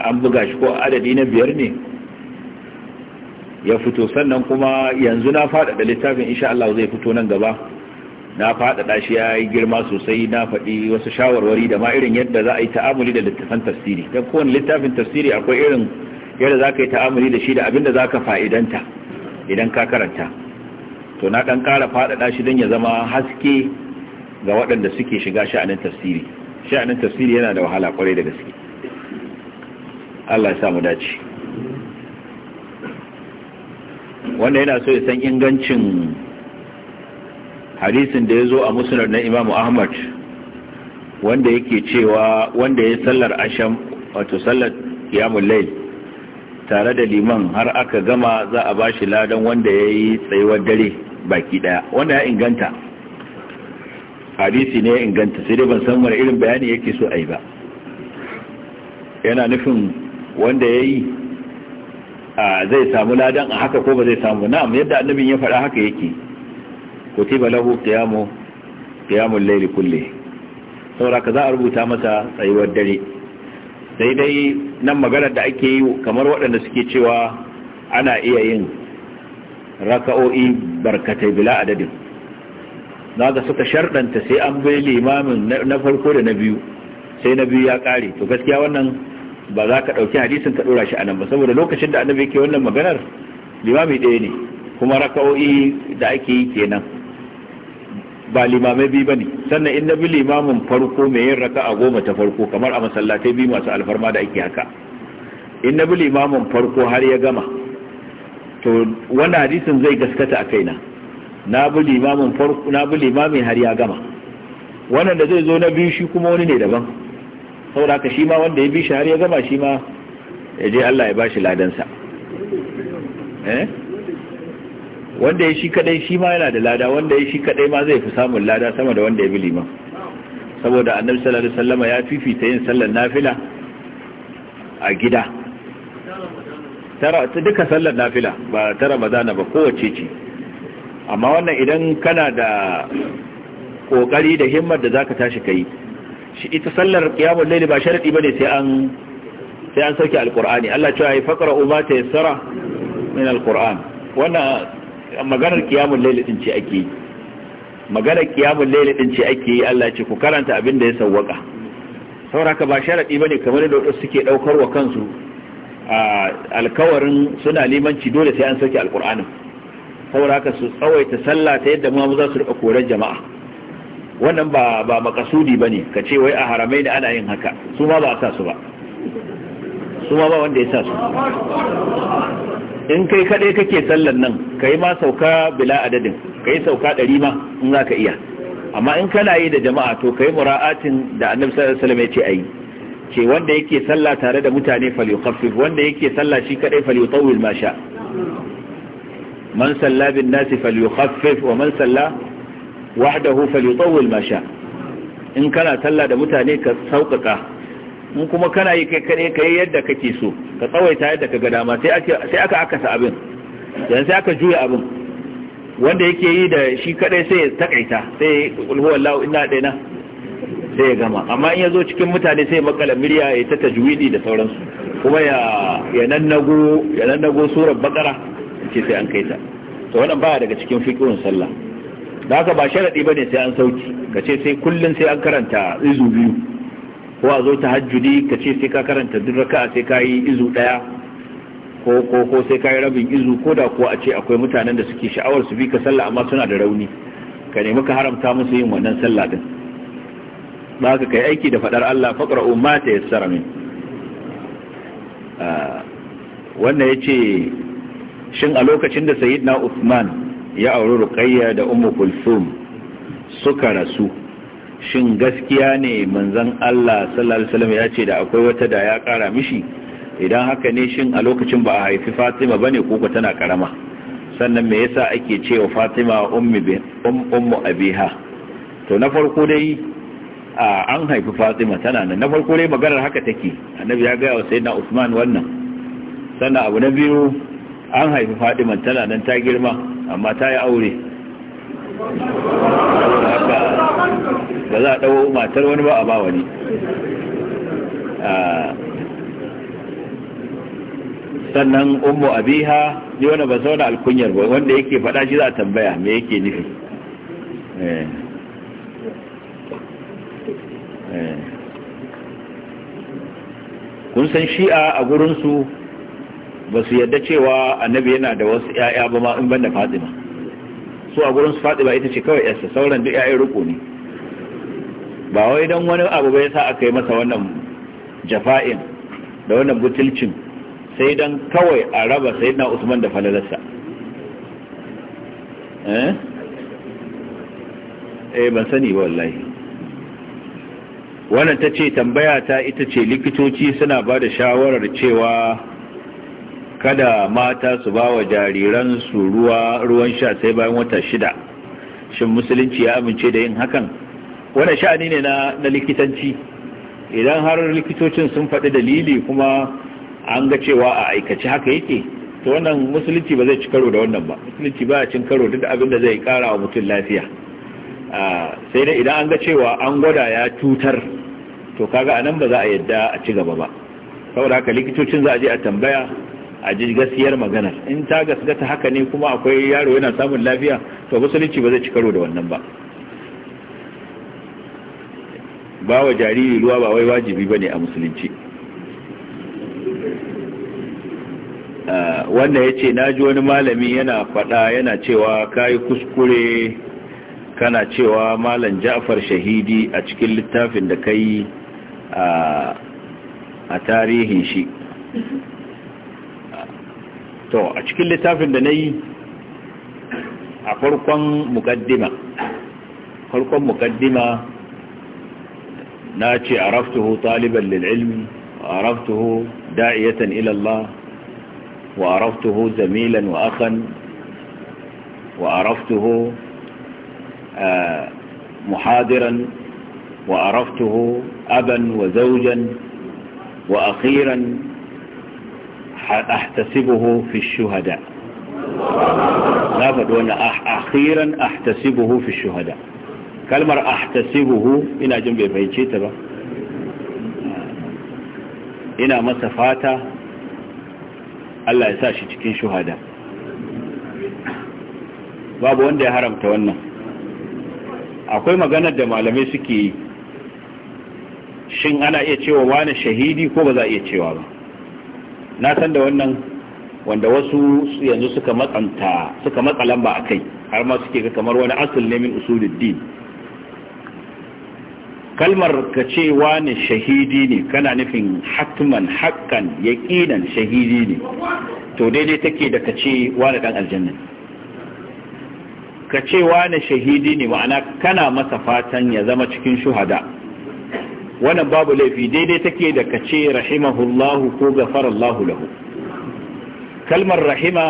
an buga shi ko adadi na biyar ne ya fito sannan kuma yanzu na faɗaɗa littafin insha Allah zai fito nan gaba na faɗaɗa shi ya yi girma sosai na faɗi wasu shawarwari da ma irin yadda za a yi ta'amuli da littafin tafsiri don kowane littafin tafsiri akwai irin yadda za ka yi ta'amuli da shi da abin da za ka fa'idanta idan ka karanta to na ɗan ƙara faɗaɗa shi don ya zama haske ga waɗanda suke shiga sha'anin tafsiri sha'anin tafsiri yana da wahala ƙwarai da gaske Allah ya samu dace wanda yana so ya san ingancin hadisin da ya zo a musulun na imamu ahmad wanda yake cewa wanda ya sallar asham wato sallar kiyamun laili tare da liman har aka gama za a bashi ladan wanda ya yi tsayuwar dare baki daya wanda ya inganta hadisi ne ya inganta sai dai ban san wani irin bayani yake so a yi ba yana nufin wanda ya yi zai samu ladan a haka ko ba zai samu na'am yadda annabin ya faɗa haka yake kutiba lahu qiyamu qiyamul layli kulli saboda ka za a rubuta masa tsayuwar dare sai dai nan maganar da ake yi kamar waɗanda suke cewa ana iya yin raka'o'i barkatai bila adadin na ga suka sharɗanta sai an bai limamin na farko da na biyu sai na biyu ya ƙare to gaskiya wannan ba za ka ɗauki hadisin ka ɗora shi a nan ba saboda lokacin da annabi yake wannan maganar limami ɗaya ne kuma raka'o'i da ake yi kenan ba limamai biyu bane sannan in na bi limamin farko mai yin raka a goma ta farko kamar a masallatai biyu masu alfarma da ake haka in na bi limamin farko har ya gama to wani hadisin zai gaskata a kaina na bi limamin farko na bi limamin har ya gama wannan da zai zo na biyu shi kuma wani ne daban saboda haka shi ma wanda ya bi shi har ya gama shi ma ya je Allah ya bashi ladansa eh wanda ya shi kadai shi ma yana da lada wanda ya shi kadai ma zai fi samun lada sama da wanda ya bi liman saboda annabi sallallahu alaihi wasallam ya fifita yin sallar nafila a gida tara duka sallar nafila ba ta ramadana ba kowace ce amma wannan idan kana da kokari da himmar da zaka tashi kai shi ita sallar qiyamul layl ba sharadi bane sai an sai an sauke alqur'ani Allah ce ya faqra umma tayassara min alqur'an wannan maganar kiyamun laili ce ake yi maganar kiyamun laili ce ake yi Allah ce ku karanta abin da ya sawwaka sauraka ba sharadi bane kamar da wasu suke daukar wa kansu a alkawarin suna limanci dole sai an sauke alqur'anin sauraka su tsawaita sallah ta yadda mu za su rika koran jama'a wannan ba ba makasudi ka ce wai a haramai ne ana yin haka su ma ba a sa su ba kuma ba wanda ya sa su in kai kaɗai kake sallan nan ka yi ma sauka bila adadin ka yi sauka ɗari ma in za ka iya amma in kana yi da jama'a to ka yi mura'atin da annabi sallallahu alaihi wasallam ya ce a yi ce wanda yake sallah tare da mutane falyukhaffif wanda yake sallah shi kadai falyutawwil ma sha man salla bin nasi falyukhaffif wa man salla wahdahu falyutawwil ma sha in kana sallah da mutane ka sauƙaƙa in kuma kana yi kai kare kai yadda kake so ka tsawaita yadda ka ga dama sai aka sai aka akasa abin dan sai aka juya abin wanda yake yi da shi kadai sai ya takaita sai kul huwallahu inna daina sai ya gama amma in yazo cikin mutane sai makala miriya ya ta tajwidi da sauransu kuma ya ya nannago ya nannago surar bakara ce sai an kai ta to wannan baya daga cikin fiqhun sallah da haka ba sharadi bane sai an sauki kace sai kullun sai an karanta izu biyu ko a zo tahajjudi ka ce sai ka karanta duk raka'a sai ka yi izu daya ko ko ko sai ka yi rabin izu ko da kuwa a ce akwai mutanen da suke sha'awar su bi ka sallah amma suna da rauni ka nemi ka haramta musu yin wannan sallah din ba ka kai aiki da fadar Allah faqra'u ummata yassara min ah, wannan yace shin a lokacin da sayyidina Uthman ya auri Ruqayya da Ummu Kulthum suka rasu shin gaskiya ne manzan Allah sallallahu alaihi wasallam ya ce da akwai wata da ya kara mishi idan haka ne shin a lokacin ba a haifi Fatima bane ko tana karama sannan me yasa ake cewa Fatima ummi um, ummu abiha to na farko dai an haifi Fatima tana nan na farko dai maganar haka take annabi ya ga wa sayyidina Usman wannan sannan abu na biyu an haifi Fatima tana nan ta girma amma ta yi aure ba za a ɗau matar wani ba a ba wani ah. sannan ummu abiha ne wani ba zaune alkunyar ba wanda yake faɗa shi za a tambaya me yake nufi eh. Eh. kun san shi'a a gurinsu ba su yadda cewa annabi yana da wasu 'ya'ya ba ma in da fatima su a gurinsu fatima ita ce kawai yarsa sauran duk 'ya'ya ruku ne ba wai don wani abu bai sa aka yi masa wannan jafa'in da wannan butulcin sai don kawai a raba sai na usman da falalarsa eh? eh ban sani ba wallahi wannan ta ce tambaya ta ita ce likitoci suna ba da shawarar cewa kada mata su ba wa jariransu ruwan sha sai bayan wata shida shin musulunci ya amince da yin hakan Wani sha'ani ne na likitanci idan har likitocin sun faɗi dalili kuma an ga cewa a aikace haka yake to wannan musulunci ba zai ci karo da wannan ba musulunci ba ya cin karo duk abin da zai kara wa mutum lafiya sai dai idan an ga cewa an gwada ya cutar to kaga anan ba za a yadda a ci gaba ba saboda haka likitocin za a je a tambaya a ji gaskiyar maganar in ta gaskata haka ne kuma akwai yaro yana samun lafiya to musulunci ba zai ci karo da wannan ba ba wa jariri ruwa ba wai wajibi ba ne a musulunci ah, wanda ya ce na ji wani malami yana faɗa yana cewa kayi kuskure kana cewa malam ja'far shahidi a cikin littafin da ka yi a tarihin shi to a cikin littafin da na yi a farkon mukaddima farkon mukaddima ناتي عرفته طالبا للعلم وعرفته داعية إلى الله وعرفته زميلا وأخا وعرفته آه، محاضرا وعرفته أبا وزوجا وأخيرا أحتسبه في الشهداء لا بد أن أخيرا أحتسبه في الشهداء kalmar ahtasibuhu ina jin bai fahimce ta ba ina masa fata Allah ya sa shi cikin shuhada babu wanda ya haramta wannan akwai maganar da malamai suke yi shin ana iya cewa wani shahidi ko ba za a iya cewa ba na san da wannan wanda wasu yanzu suka matsanta suka matsa lamba a kai har ma suke ga kamar wani asul ne min din kalmar ka ce wani shahidi ne kana nufin hatman haƙƙan yaƙinan shahidi ne to daidai take da ka ce wani ɗan aljanna ka ce wani shahidi ne ma'ana kana masa fatan ya zama cikin shuhada wannan babu laifi daidai take da ka ce rahimahullahu ko gafarallahu lahu kalmar rahima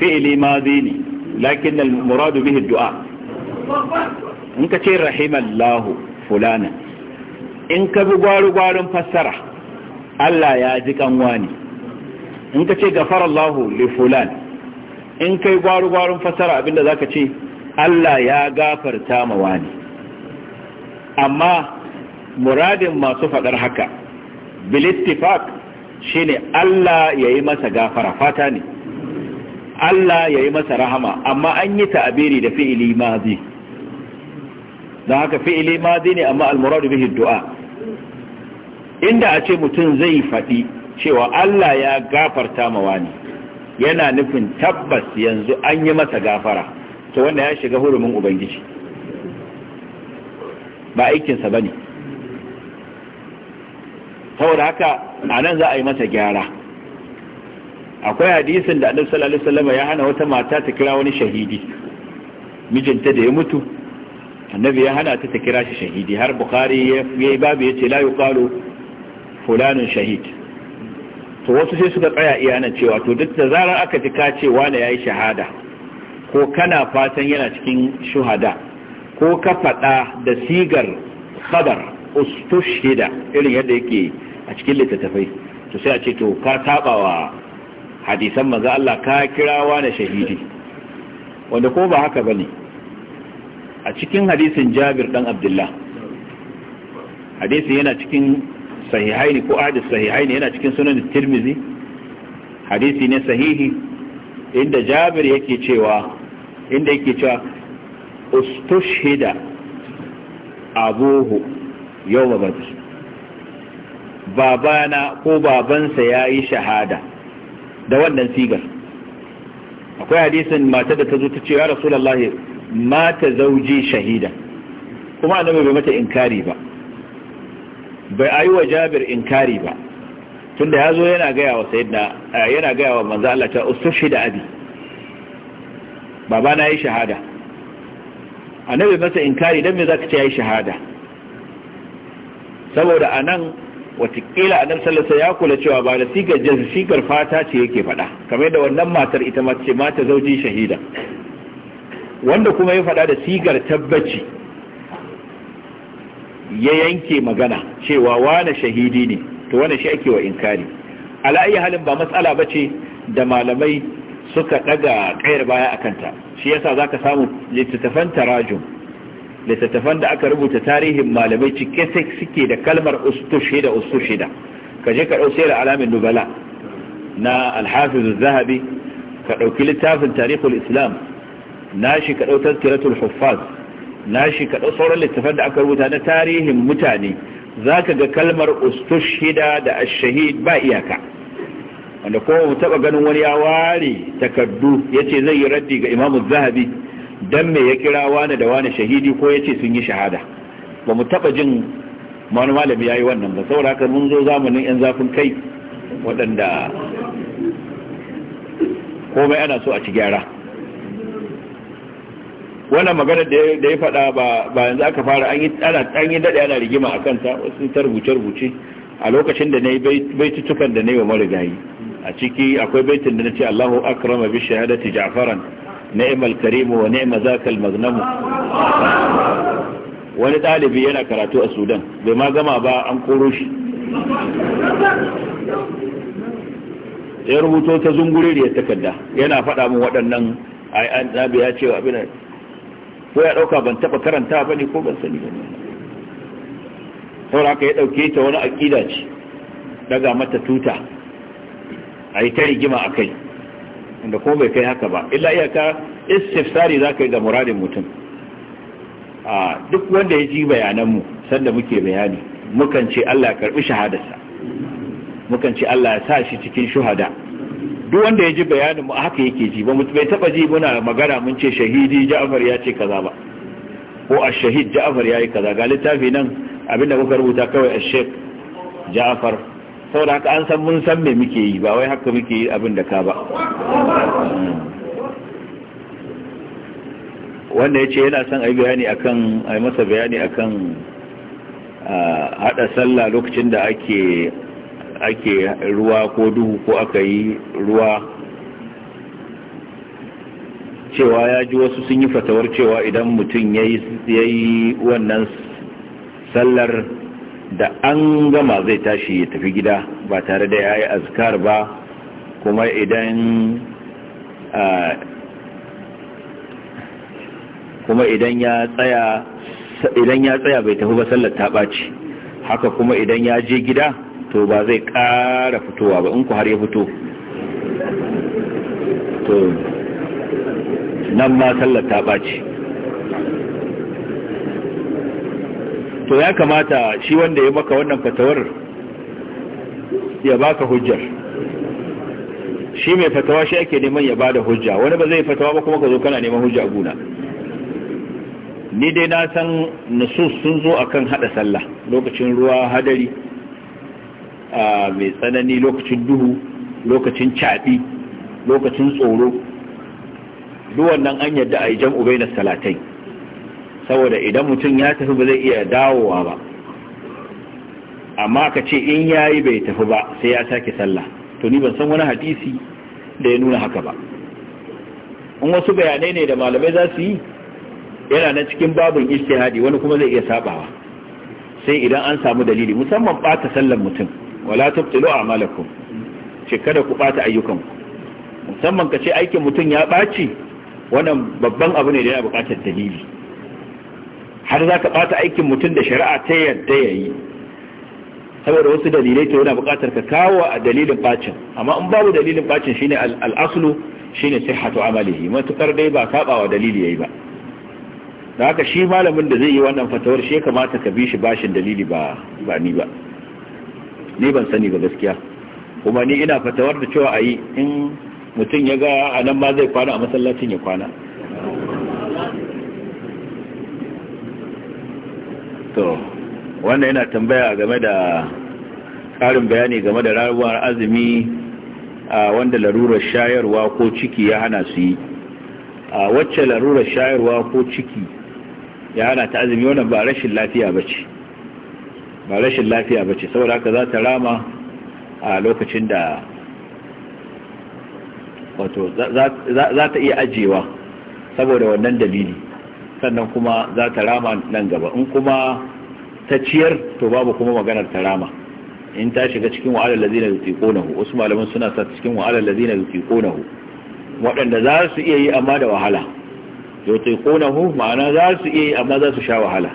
fi'ili mazi ne lakin al-muradu bihi du'a in ka ce rahimallahu fulana in ka bi gwaru-gwarin fassara Allah ya ji kanwa ne in ka ce gafarallahu li fulan in kai gwaru-gwarin fassara abinda za ka ce Allah ya gafarta ma wani amma muradin masu faɗar haka bilittifak shine Allah ya yi masa gafara fata ne Allah ya yi masa rahama amma an yi ta'abiri da fi'ili mazi da haka fi'ili madi ne amma al-muradu bihi du'a inda a ce mutum zai faɗi cewa Allah ya gafarta ma wani yana nufin tabbas yanzu an yi masa gafara to wanda ya shiga hurumin ubangiji ba aikinsa ba ne saboda haka a nan za a yi masa gyara akwai hadisin da annabi sallallahu alaihi wasallam ya hana wata mata ta kira wani shahidi mijinta da ya mutu annabi ya hana ta ta kira shi shahidi har bukhari ya yi babu ya ce la yuqalu fulanin shahid to wasu sai suka tsaya iyanan cewa to duk da zarar aka ji ka ce wani yayi shahada ko kana fatan yana cikin shuhada ko ka faɗa da sigar khabar ustushida irin yadda yake a cikin littattafai to sai a ce to ka taɓa wa hadisan Maza Allah ka kirawa na shahidi wanda ko ba haka bane a cikin hadisin jabir dan abdullah hadisin yana cikin sahihaini ko hadis sahihaini yana cikin sunan tirmizi hadisi ne sahihi inda jabir yake cewa inda yake cewa ustushida abuhu yau badr babana ko babansa ya yi shahada da wannan sigar akwai hadisin mata da ta zo ta ce ya rasulullahi mata zauji shahida kuma annabi bai mata inkari ba bai ayi wa jabir inkari ba tunda ya zo yana gaya wa sayyidina eh, yana gaya wa manzo Allah ta ustushhida abi baba na yi shahada annabi masa inkari dan me zaka ce yayi shahada saboda anan watakila annabi sallallahu alaihi ya kula cewa ba da sigar sigar fata ce yake faɗa kamar da wannan matar ita ma ce mata zauji shahida wanda kuma ya faɗa da sigar tabbaci ya yanke magana cewa wane shahidi ne to wane shi ake wa inkari ala'ayi halin ba matsala ba ce da malamai suka ɗaga ƙayar baya a kanta shi yasa za ka samu littattafan tarajun littattafan da aka rubuta tarihin malamai cike suke da kalmar ustushida ustushida ka je ka ɗauke da alamin nubala na alhafizu zahabi ka ɗauki littafin tarihul islam nashi ka dau tazkiratul huffaz nashi ka dau sauran littafan da aka rubuta na tarihin mutane zaka ga kalmar ustushhida da ashahid ba iyaka wanda ko mu taɓa ganin wani ya ware takardu yace zai yi raddi ga imamu zahabi don me ya kira wani da wani shahidi ko ya sun yi shahada ba mu taɓa jin wani malami ya wannan ba saboda haka mun zo zamanin 'yan zafin kai waɗanda komai ana so a ci gyara wannan magana da ya faɗa ba yanzu aka fara an yi daɗe ana rigima a kanta wasu ta rubuce-rubuce a lokacin da na yi baitutukan da na yi wa marigayi a ciki akwai baitin da na ce allahu akrama bi shahadati ja'faran ni'mal karimu wa ni'ma zakal magnamu wani ɗalibi yana karatu a sudan bai ma gama ba an koro shi ya rubuto ta zungure da ya takarda yana faɗa min waɗannan ai an ya ce wa abin ko ya dauka ban taba karanta ba ne ko ban sani ba saboda haka ya dauke ta wani akida ce daga mata tuta a yi ta rigima a kai inda ko bai kai haka ba illa iyaka istifsari za ka yi ga muradin mutum a duk wanda ya ji bayananmu sanda muke bayani mukan ce Allah ya karbi shahadarsa mukan ce Allah ya sa shi cikin shuhada duk wanda ya ji bayanin mu haka yake ji ba mu bai taba ji muna magana mun ce shahidi Ja'far ya ce kaza ba ko ash-shahid Ja'far yayi kaza ga littafi nan abinda kuka rubuta kawai ash shaykh Ja'far saboda haka an san mun san me muke yi ba wai haka muke yi abin da ka ba wanda ya ce yana son a yi bayani akan a masa bayani akan hada sallah lokacin da ake ake ruwa ko duhu ko aka yi ruwa cewa ya ji wasu sun yi fatawar cewa idan mutum ya yi wannan sallar da an gama zai tashi ya tafi gida ba tare da ya yi azkar ba kuma idan kuma idan ya tsaya idan ya tsaya bai tafi ba sallar ta ɓaci haka kuma idan ya je gida to ba zai ƙara fitowa ba in ku har ya fito to nan ma sallar ta ɓaci to ya kamata shi wanda ya maka wannan fatawar ya baka hujjar shi mai fatawa shi ake neman ya bada hujja wani ba zai fatawa ba kuma ka zo kana neman hujja guna ni dai na san nasus sun zo akan hada sallah lokacin ruwa hadari mai tsanani lokacin duhu lokacin caɗi lokacin tsoro duk wannan an yadda a yi jam'u bai na salatai saboda idan mutum ya tafi ba zai iya dawowa ba amma ka ce in ya yi bai tafi ba sai ya sake sallah to ni ban san wani hadisi da ya nuna haka ba in wasu bayanai ne da malamai za su yi yana na cikin babin istihadi wani kuma zai iya sabawa sai idan an samu dalili musamman ɓata sallan mutum wala tabtilu a'malakum ce kada ku bata ayyukanku musamman ka ce aikin mutum ya ɓaci wannan babban abu ne da yana buƙatar dalili har za ka ɓata aikin mutum da shari'a ta yadda ya yi saboda wasu dalilai to yana buƙatar ka kawo a dalilin bacin amma in babu dalilin ɓacin shine al'aslu shine sihhatu amalihi matukar dai ba kaɓawa dalili dalili yayi ba da haka shi malamin da zai yi wannan fatawar shi kamata ka bi shi bashin dalili ba ni ba ni ban sani ba gaskiya kuma ni ina fatawar da cewa ayi in mutum ya ga a nan ma zai kwana a masallacin ya kwana to wannan yana tambaya game da karin bayani game da raruwar azumi a wanda larurar shayarwa ko ciki ya hana su yi a wacce larurar shayarwa ko ciki ya hana ta azumi wannan ba rashin lafiya ba ce ba rashin lafiya ba ce saboda haka za ta rama a lokacin da wato za ta iya ajiyewa saboda wannan dalili sannan kuma za ta rama nan gaba in kuma ta ciyar to babu kuma maganar ta rama in ta shiga cikin wa'alar lazina konahu wasu malaman suna sa cikin wa'alar lazina konahu waɗanda za su iya yi amma da wahala konahu ma'ana za su iya yi amma za su sha wahala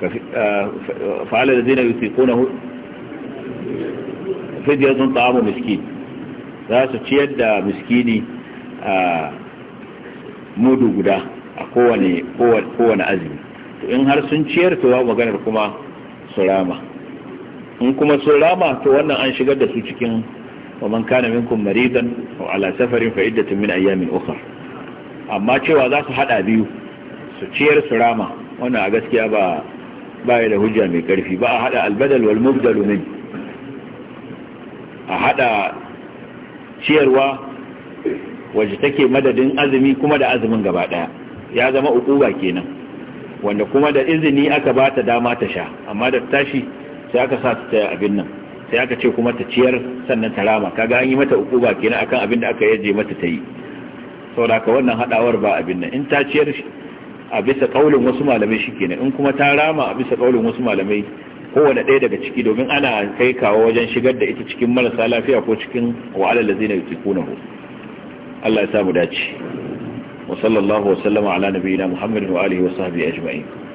fa'ala da zina yusi ko na fidiyar sun ta'amu miskin za su ciyar da miskini a mudu guda a kowane azumi to in har ciyar to ba maganar kuma su rama in kuma sun rama to wannan an shigar da su cikin waman kana minkum maridan wa ala safarin fa iddatun min ayyamin ukhra amma cewa za su hada biyu su ciyar su rama wannan a gaskiya ba ba da hujja mai karfi ba a hada albadal wal mubdalu min a hada ciyarwa wacce take madadin azumi kuma da azumin gaba daya ya zama ukuba kenan wanda kuma da izini aka ba ta dama ta sha amma da tashi sai aka sa ta abin nan sai aka ce kuma ta ciyar sannan ta rama kaga an yi mata ukuba kenan akan abin da aka yaje mata ta yi saboda ka wannan hadawar ba abin nan in ta ciyar a bisa kaulin wasu malamai shikenan in kuma ta rama a bisa kaulin wasu malamai kowane ɗaya daga ciki domin ana kai kawo wajen shigar da ita cikin marasa lafiya ko cikin wa'alar da zina yake kuna hu Allah ya samu dace wa sallallahu wa sallama ala nabiyina muhammadin wa alihi wa sahbihi ajma'in